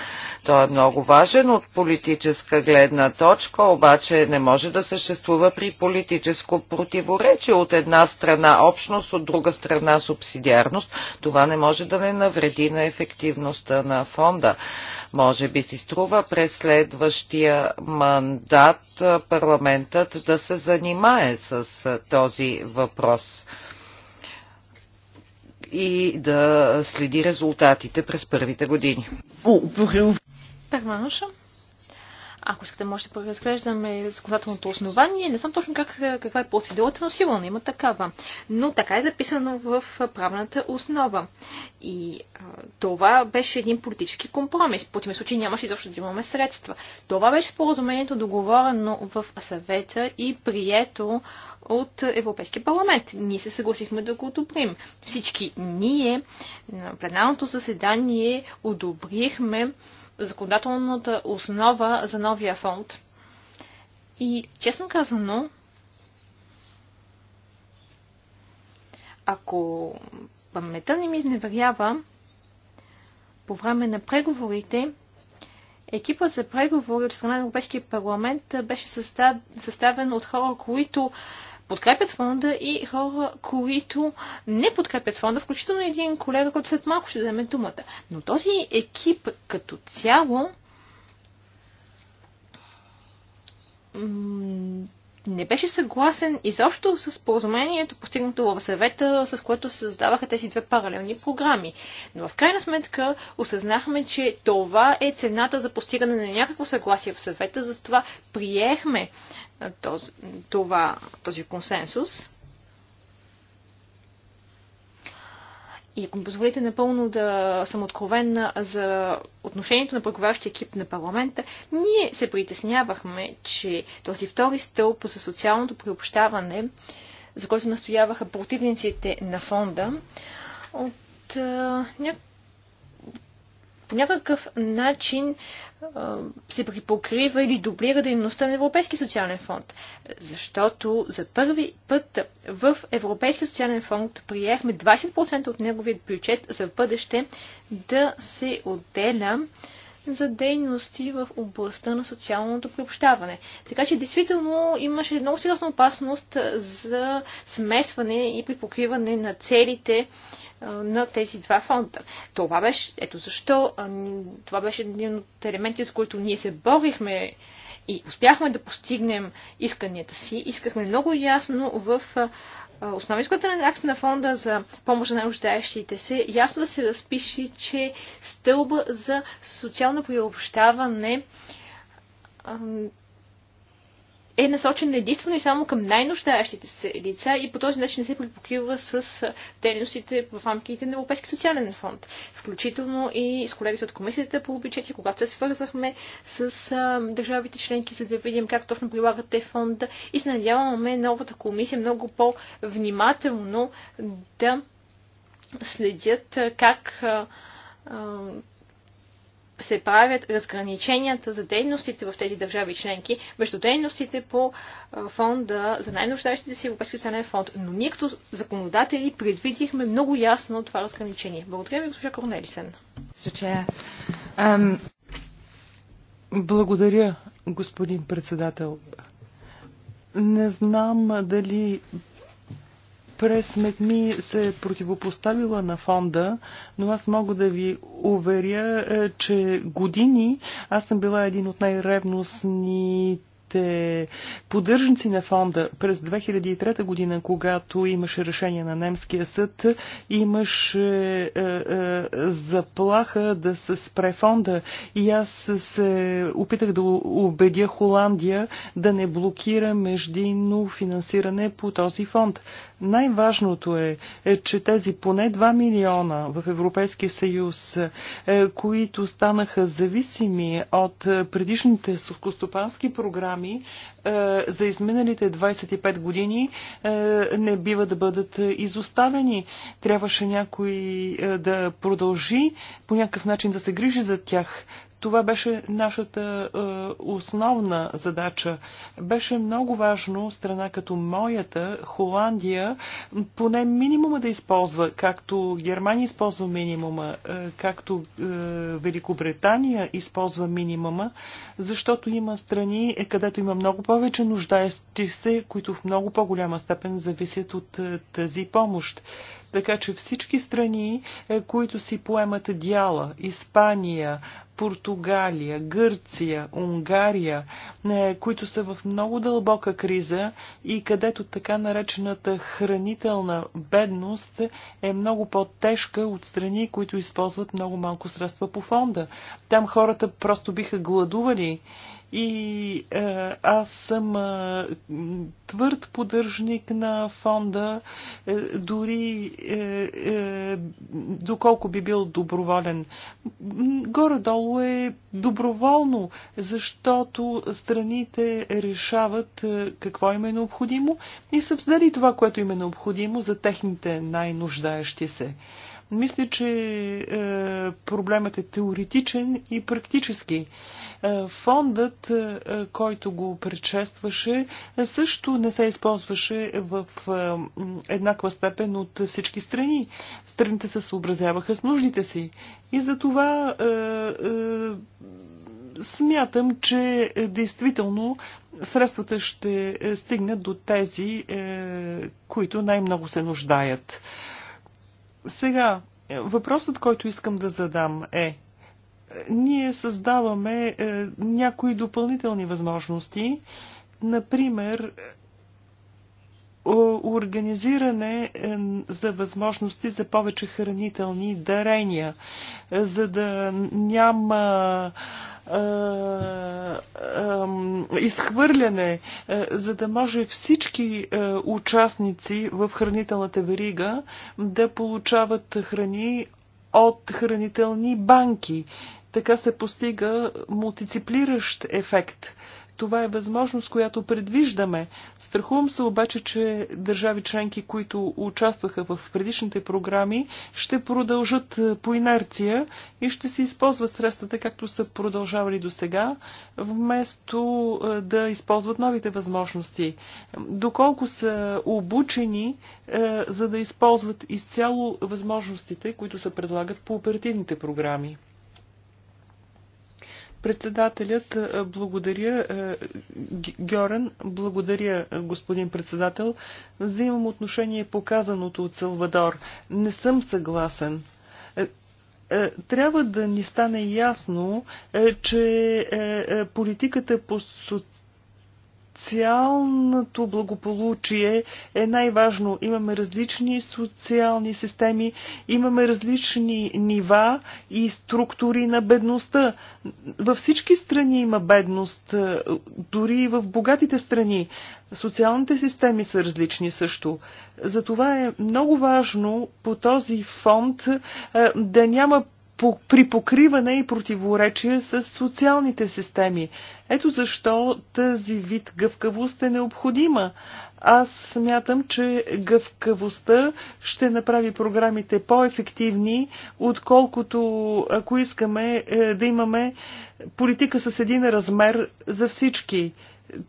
Той е много важен от политическа гледна точка, обаче не може да съществува при политическо противоречие. От една страна общност, от друга страна субсидиарност. Това не може да не навреди на ефективността на фонда. Може би си струва изисква през следващия мандат парламентът да се занимае с този въпрос и да следи резултатите през първите години. Първаноша. Ако искате, може да преразглеждаме законодателното основание. Не знам точно как, каква е процедурата, но сигурно има такава. Но така е записано в правната основа. И а, това беше един политически компромис. По този случай нямаше изобщо да имаме средства. Това беше споразумението договорено в съвета и прието от Европейския парламент. Ние се съгласихме да го одобрим. Всички ние на пленарното заседание одобрихме законодателната основа за новия фонд. И честно казано, ако паметта не ми изневерява, по време на преговорите, екипът за преговори от страна на Европейския парламент беше съставен от хора, които подкрепят фонда и хора, които не подкрепят фонда, включително един колега, който след малко ще вземе думата. Но този екип като цяло не беше съгласен изобщо с поразумението, постигнато в съвета, с което се създаваха тези две паралелни програми. Но в крайна сметка осъзнахме, че това е цената за постигане на някакво съгласие в съвета, затова приехме този, това, този консенсус. И ако ми позволите напълно да съм откровенна за отношението на преговарящия екип на парламента, ние се притеснявахме, че този втори стълб за социалното приобщаване, за който настояваха противниците на фонда, от, ня... по някакъв начин се припокрива или дублира дейността на Европейския социален фонд. Защото за първи път в Европейския социален фонд приехме 20% от неговият бюджет за бъдеще да се отделя за дейности в областта на социалното приобщаване. Така че действително имаше много сериозна опасност за смесване и припокриване на целите на тези два фонда. Това беше, ето защо, това беше един от елементите, с които ние се борихме и успяхме да постигнем исканията си. Искахме много ясно в основен изкладен акция на фонда за помощ на нуждаещите се, ясно да се разпише, че стълба за социално приобщаване е насочен единствено и само към най-нуждаещите се лица и по този начин не се припокрива с дейностите в рамките на Европейския социален фонд. Включително и с колегите от Комисията по бюджети, когато се свързахме с а, държавите членки, за да видим как точно прилагат те фонда и се надяваме новата комисия много по-внимателно да следят как а, а, се правят разграниченията за дейностите в тези държави членки между дейностите по фонда за най-нуждащите си Европейски социален фонд. Но ние като законодатели предвидихме много ясно това разграничение. Благодаря ви, госпожа Корнелисен. Благодаря, господин председател. Не знам дали през МЕКМИ се е противопоставила на фонда, но аз мога да ви уверя, е, че години аз съм била един от най-ревностните първите поддържници на фонда през 2003 година, когато имаше решение на немския съд, имаше е, е, заплаха да се спре фонда и аз се опитах да убедя Холандия да не блокира междинно финансиране по този фонд. Най-важното е, е, че тези поне 2 милиона в Европейския съюз, е, които станаха зависими от е, предишните сухостопански програми, програми е, за изминалите 25 години е, не бива да бъдат изоставени. Трябваше някой е, да продължи по някакъв начин да се грижи за тях. Това беше нашата е, основна задача. Беше много важно страна като моята, Холандия, поне минимума да използва, както Германия използва минимума, е, както е, Великобритания използва минимума, защото има страни, е, където има много повече нуждаещи се, които в много по-голяма степен зависят от е, тази помощ така че всички страни, е, които си поемат дяла, Испания, Португалия, Гърция, Унгария, е, които са в много дълбока криза и където така наречената хранителна бедност е много по-тежка от страни, които използват много малко средства по фонда. Там хората просто биха гладували и е, аз съм е, твърд поддържник на фонда, е, дори е, е, доколко би бил доброволен. Горе-долу е доброволно, защото страните решават е, какво им е необходимо и са взели това, което им е необходимо за техните най-нуждаещи се. Е, мисля, че е, проблемът е теоретичен и практически. Е, фондът, е, който го предшестваше, е, също не се използваше в е, еднаква степен от всички страни. Страните се съобразяваха с нуждите си. И за това е, е, смятам, че е, действително средствата ще е, стигнат до тези, е, които най-много се нуждаят. Сега, е, въпросът, който искам да задам е, е, ние създаваме е, някои допълнителни възможности, например, е, организиране за възможности за повече хранителни дарения, за да няма изхвърляне, за да може всички участници в хранителната верига да получават храни от хранителни банки. Така се постига мултициплиращ ефект – това е възможност, която предвиждаме. Страхувам се обаче, че държави членки, които участваха в предишните програми, ще продължат е, по инерция и ще се използват средствата, както са продължавали до сега, вместо е, да използват новите възможности. Доколко са обучени, е, за да използват изцяло възможностите, които се предлагат по оперативните програми. Председателят, е, благодаря. Е, Гьорен, благодаря, е, господин председател. Взимам отношение по казаното от Салвадор. Не съм съгласен трябва да ни стане ясно, че политиката по социалната социалното благополучие е най-важно. Имаме различни социални системи, имаме различни нива и структури на бедността. Във всички страни има бедност, дори и в богатите страни. Социалните системи са различни също. Затова е много важно по този фонд е, да няма при покриване и противоречие с социалните системи. Ето защо тази вид гъвкавост е необходима. Аз смятам, че гъвкавостта ще направи програмите по-ефективни, отколкото ако искаме е, да имаме политика с един размер за всички.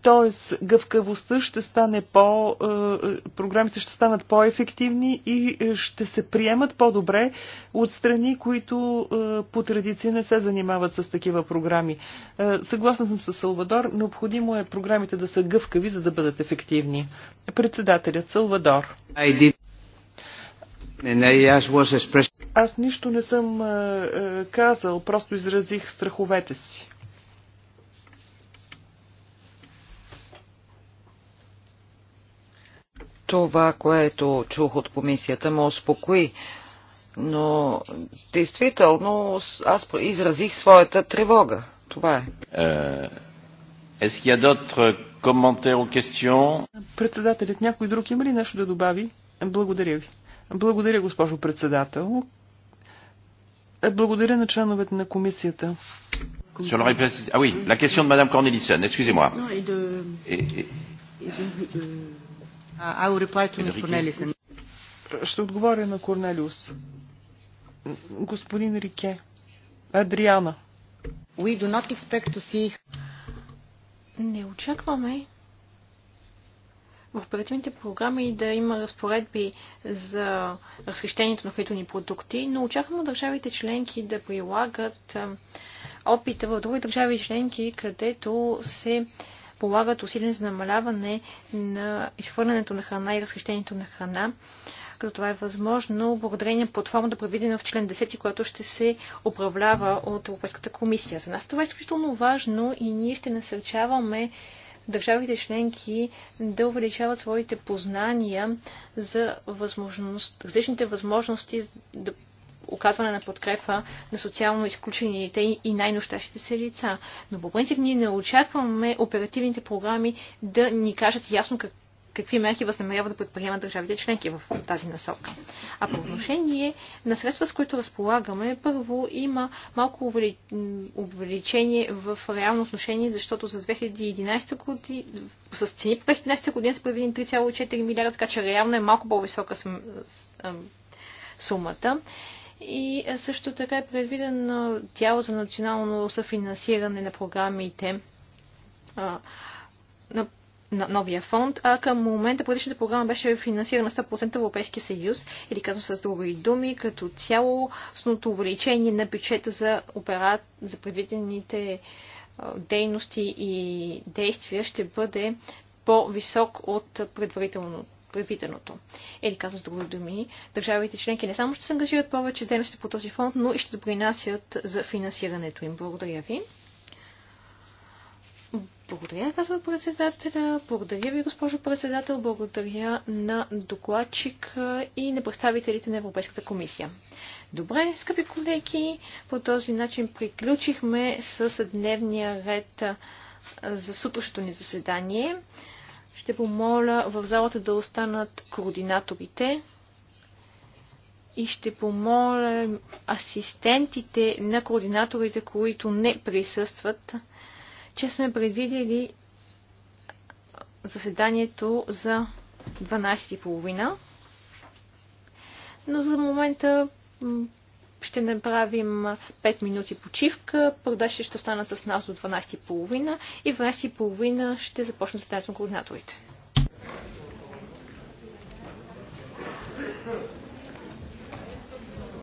Тоест, гъвкавостта ще стане по... Е, програмите ще станат по-ефективни и е, ще се приемат по-добре от страни, които е, по традиция не се занимават с такива програми. Съгласна съм с Салвадор, необходимо е програмите да са гъвкави, за да бъдат ефективни. Председателят Салвадор. Аз нищо не съм казал, просто изразих страховете си. Това, което чух от комисията, ме успокои. Но, действително, аз изразих своята тревога. Това е. est е, я qu'il y a Председателят, някой друг има ли нещо да добави? Благодаря ви. Благодаря, госпожо председател. Благодаря на членовете на комисията. Sur le réplac... Ah oui, la question de Madame Cornelissen, excusez-moi. Non, et de... Et, et... Et de, de... Ще отговоря на Корнелиус. Господин Рике. Адриана. We do not expect to see... Не очакваме в оперативните програми да има разпоредби за разхищението на хранителни продукти, но очакваме държавите членки да прилагат опита в други държави членки, където се полагат усилен за намаляване на изхвърлянето на храна и разхищението на храна, като това е възможно благодарение на платформата, предвидена в член 10, която ще се управлява от Европейската комисия. За нас това е изключително важно и ние ще насърчаваме държавите членки да увеличават своите познания за възможност, различните възможности да оказване на подкрепа на социално изключените и най-нощащите се лица. Но по принцип ние не очакваме оперативните програми да ни кажат ясно как, какви мерки възнамерява да предприемат държавите членки в тази насока. А по отношение на средства, с които разполагаме, първо има малко увеличение в реално отношение, защото за 2011 година, с цени по 2011 година са предвидени 3,4 милиарда, така че реално е малко по-висока сумата и е, също така е предвидено тяло за национално съфинансиране на програмите на, на новия фонд, а към момента предишната програма беше финансирана 100% Европейския съюз, или казвам с други думи, като цяло сното увеличение на бюджета за, операт, за предвидените дейности и действия ще бъде по-висок от предварителното предвиденото. Или казвам с други думи, държавите членки не само ще се ангажират повече с дейности по този фонд, но и ще допринасят за финансирането им. Благодаря ви. Благодаря, казва председателя. Благодаря ви, госпожо председател. Благодаря на докладчик и на представителите на Европейската комисия. Добре, скъпи колеги, по този начин приключихме с дневния ред за сутрешното ни заседание. Ще помоля в залата да останат координаторите и ще помоля асистентите на координаторите, които не присъстват, че сме предвидели заседанието за 12.30. Но за момента ще направим 5 минути почивка. Продажите ще останат с нас до 12.30 и в 12.30 ще започне заседанието на координаторите.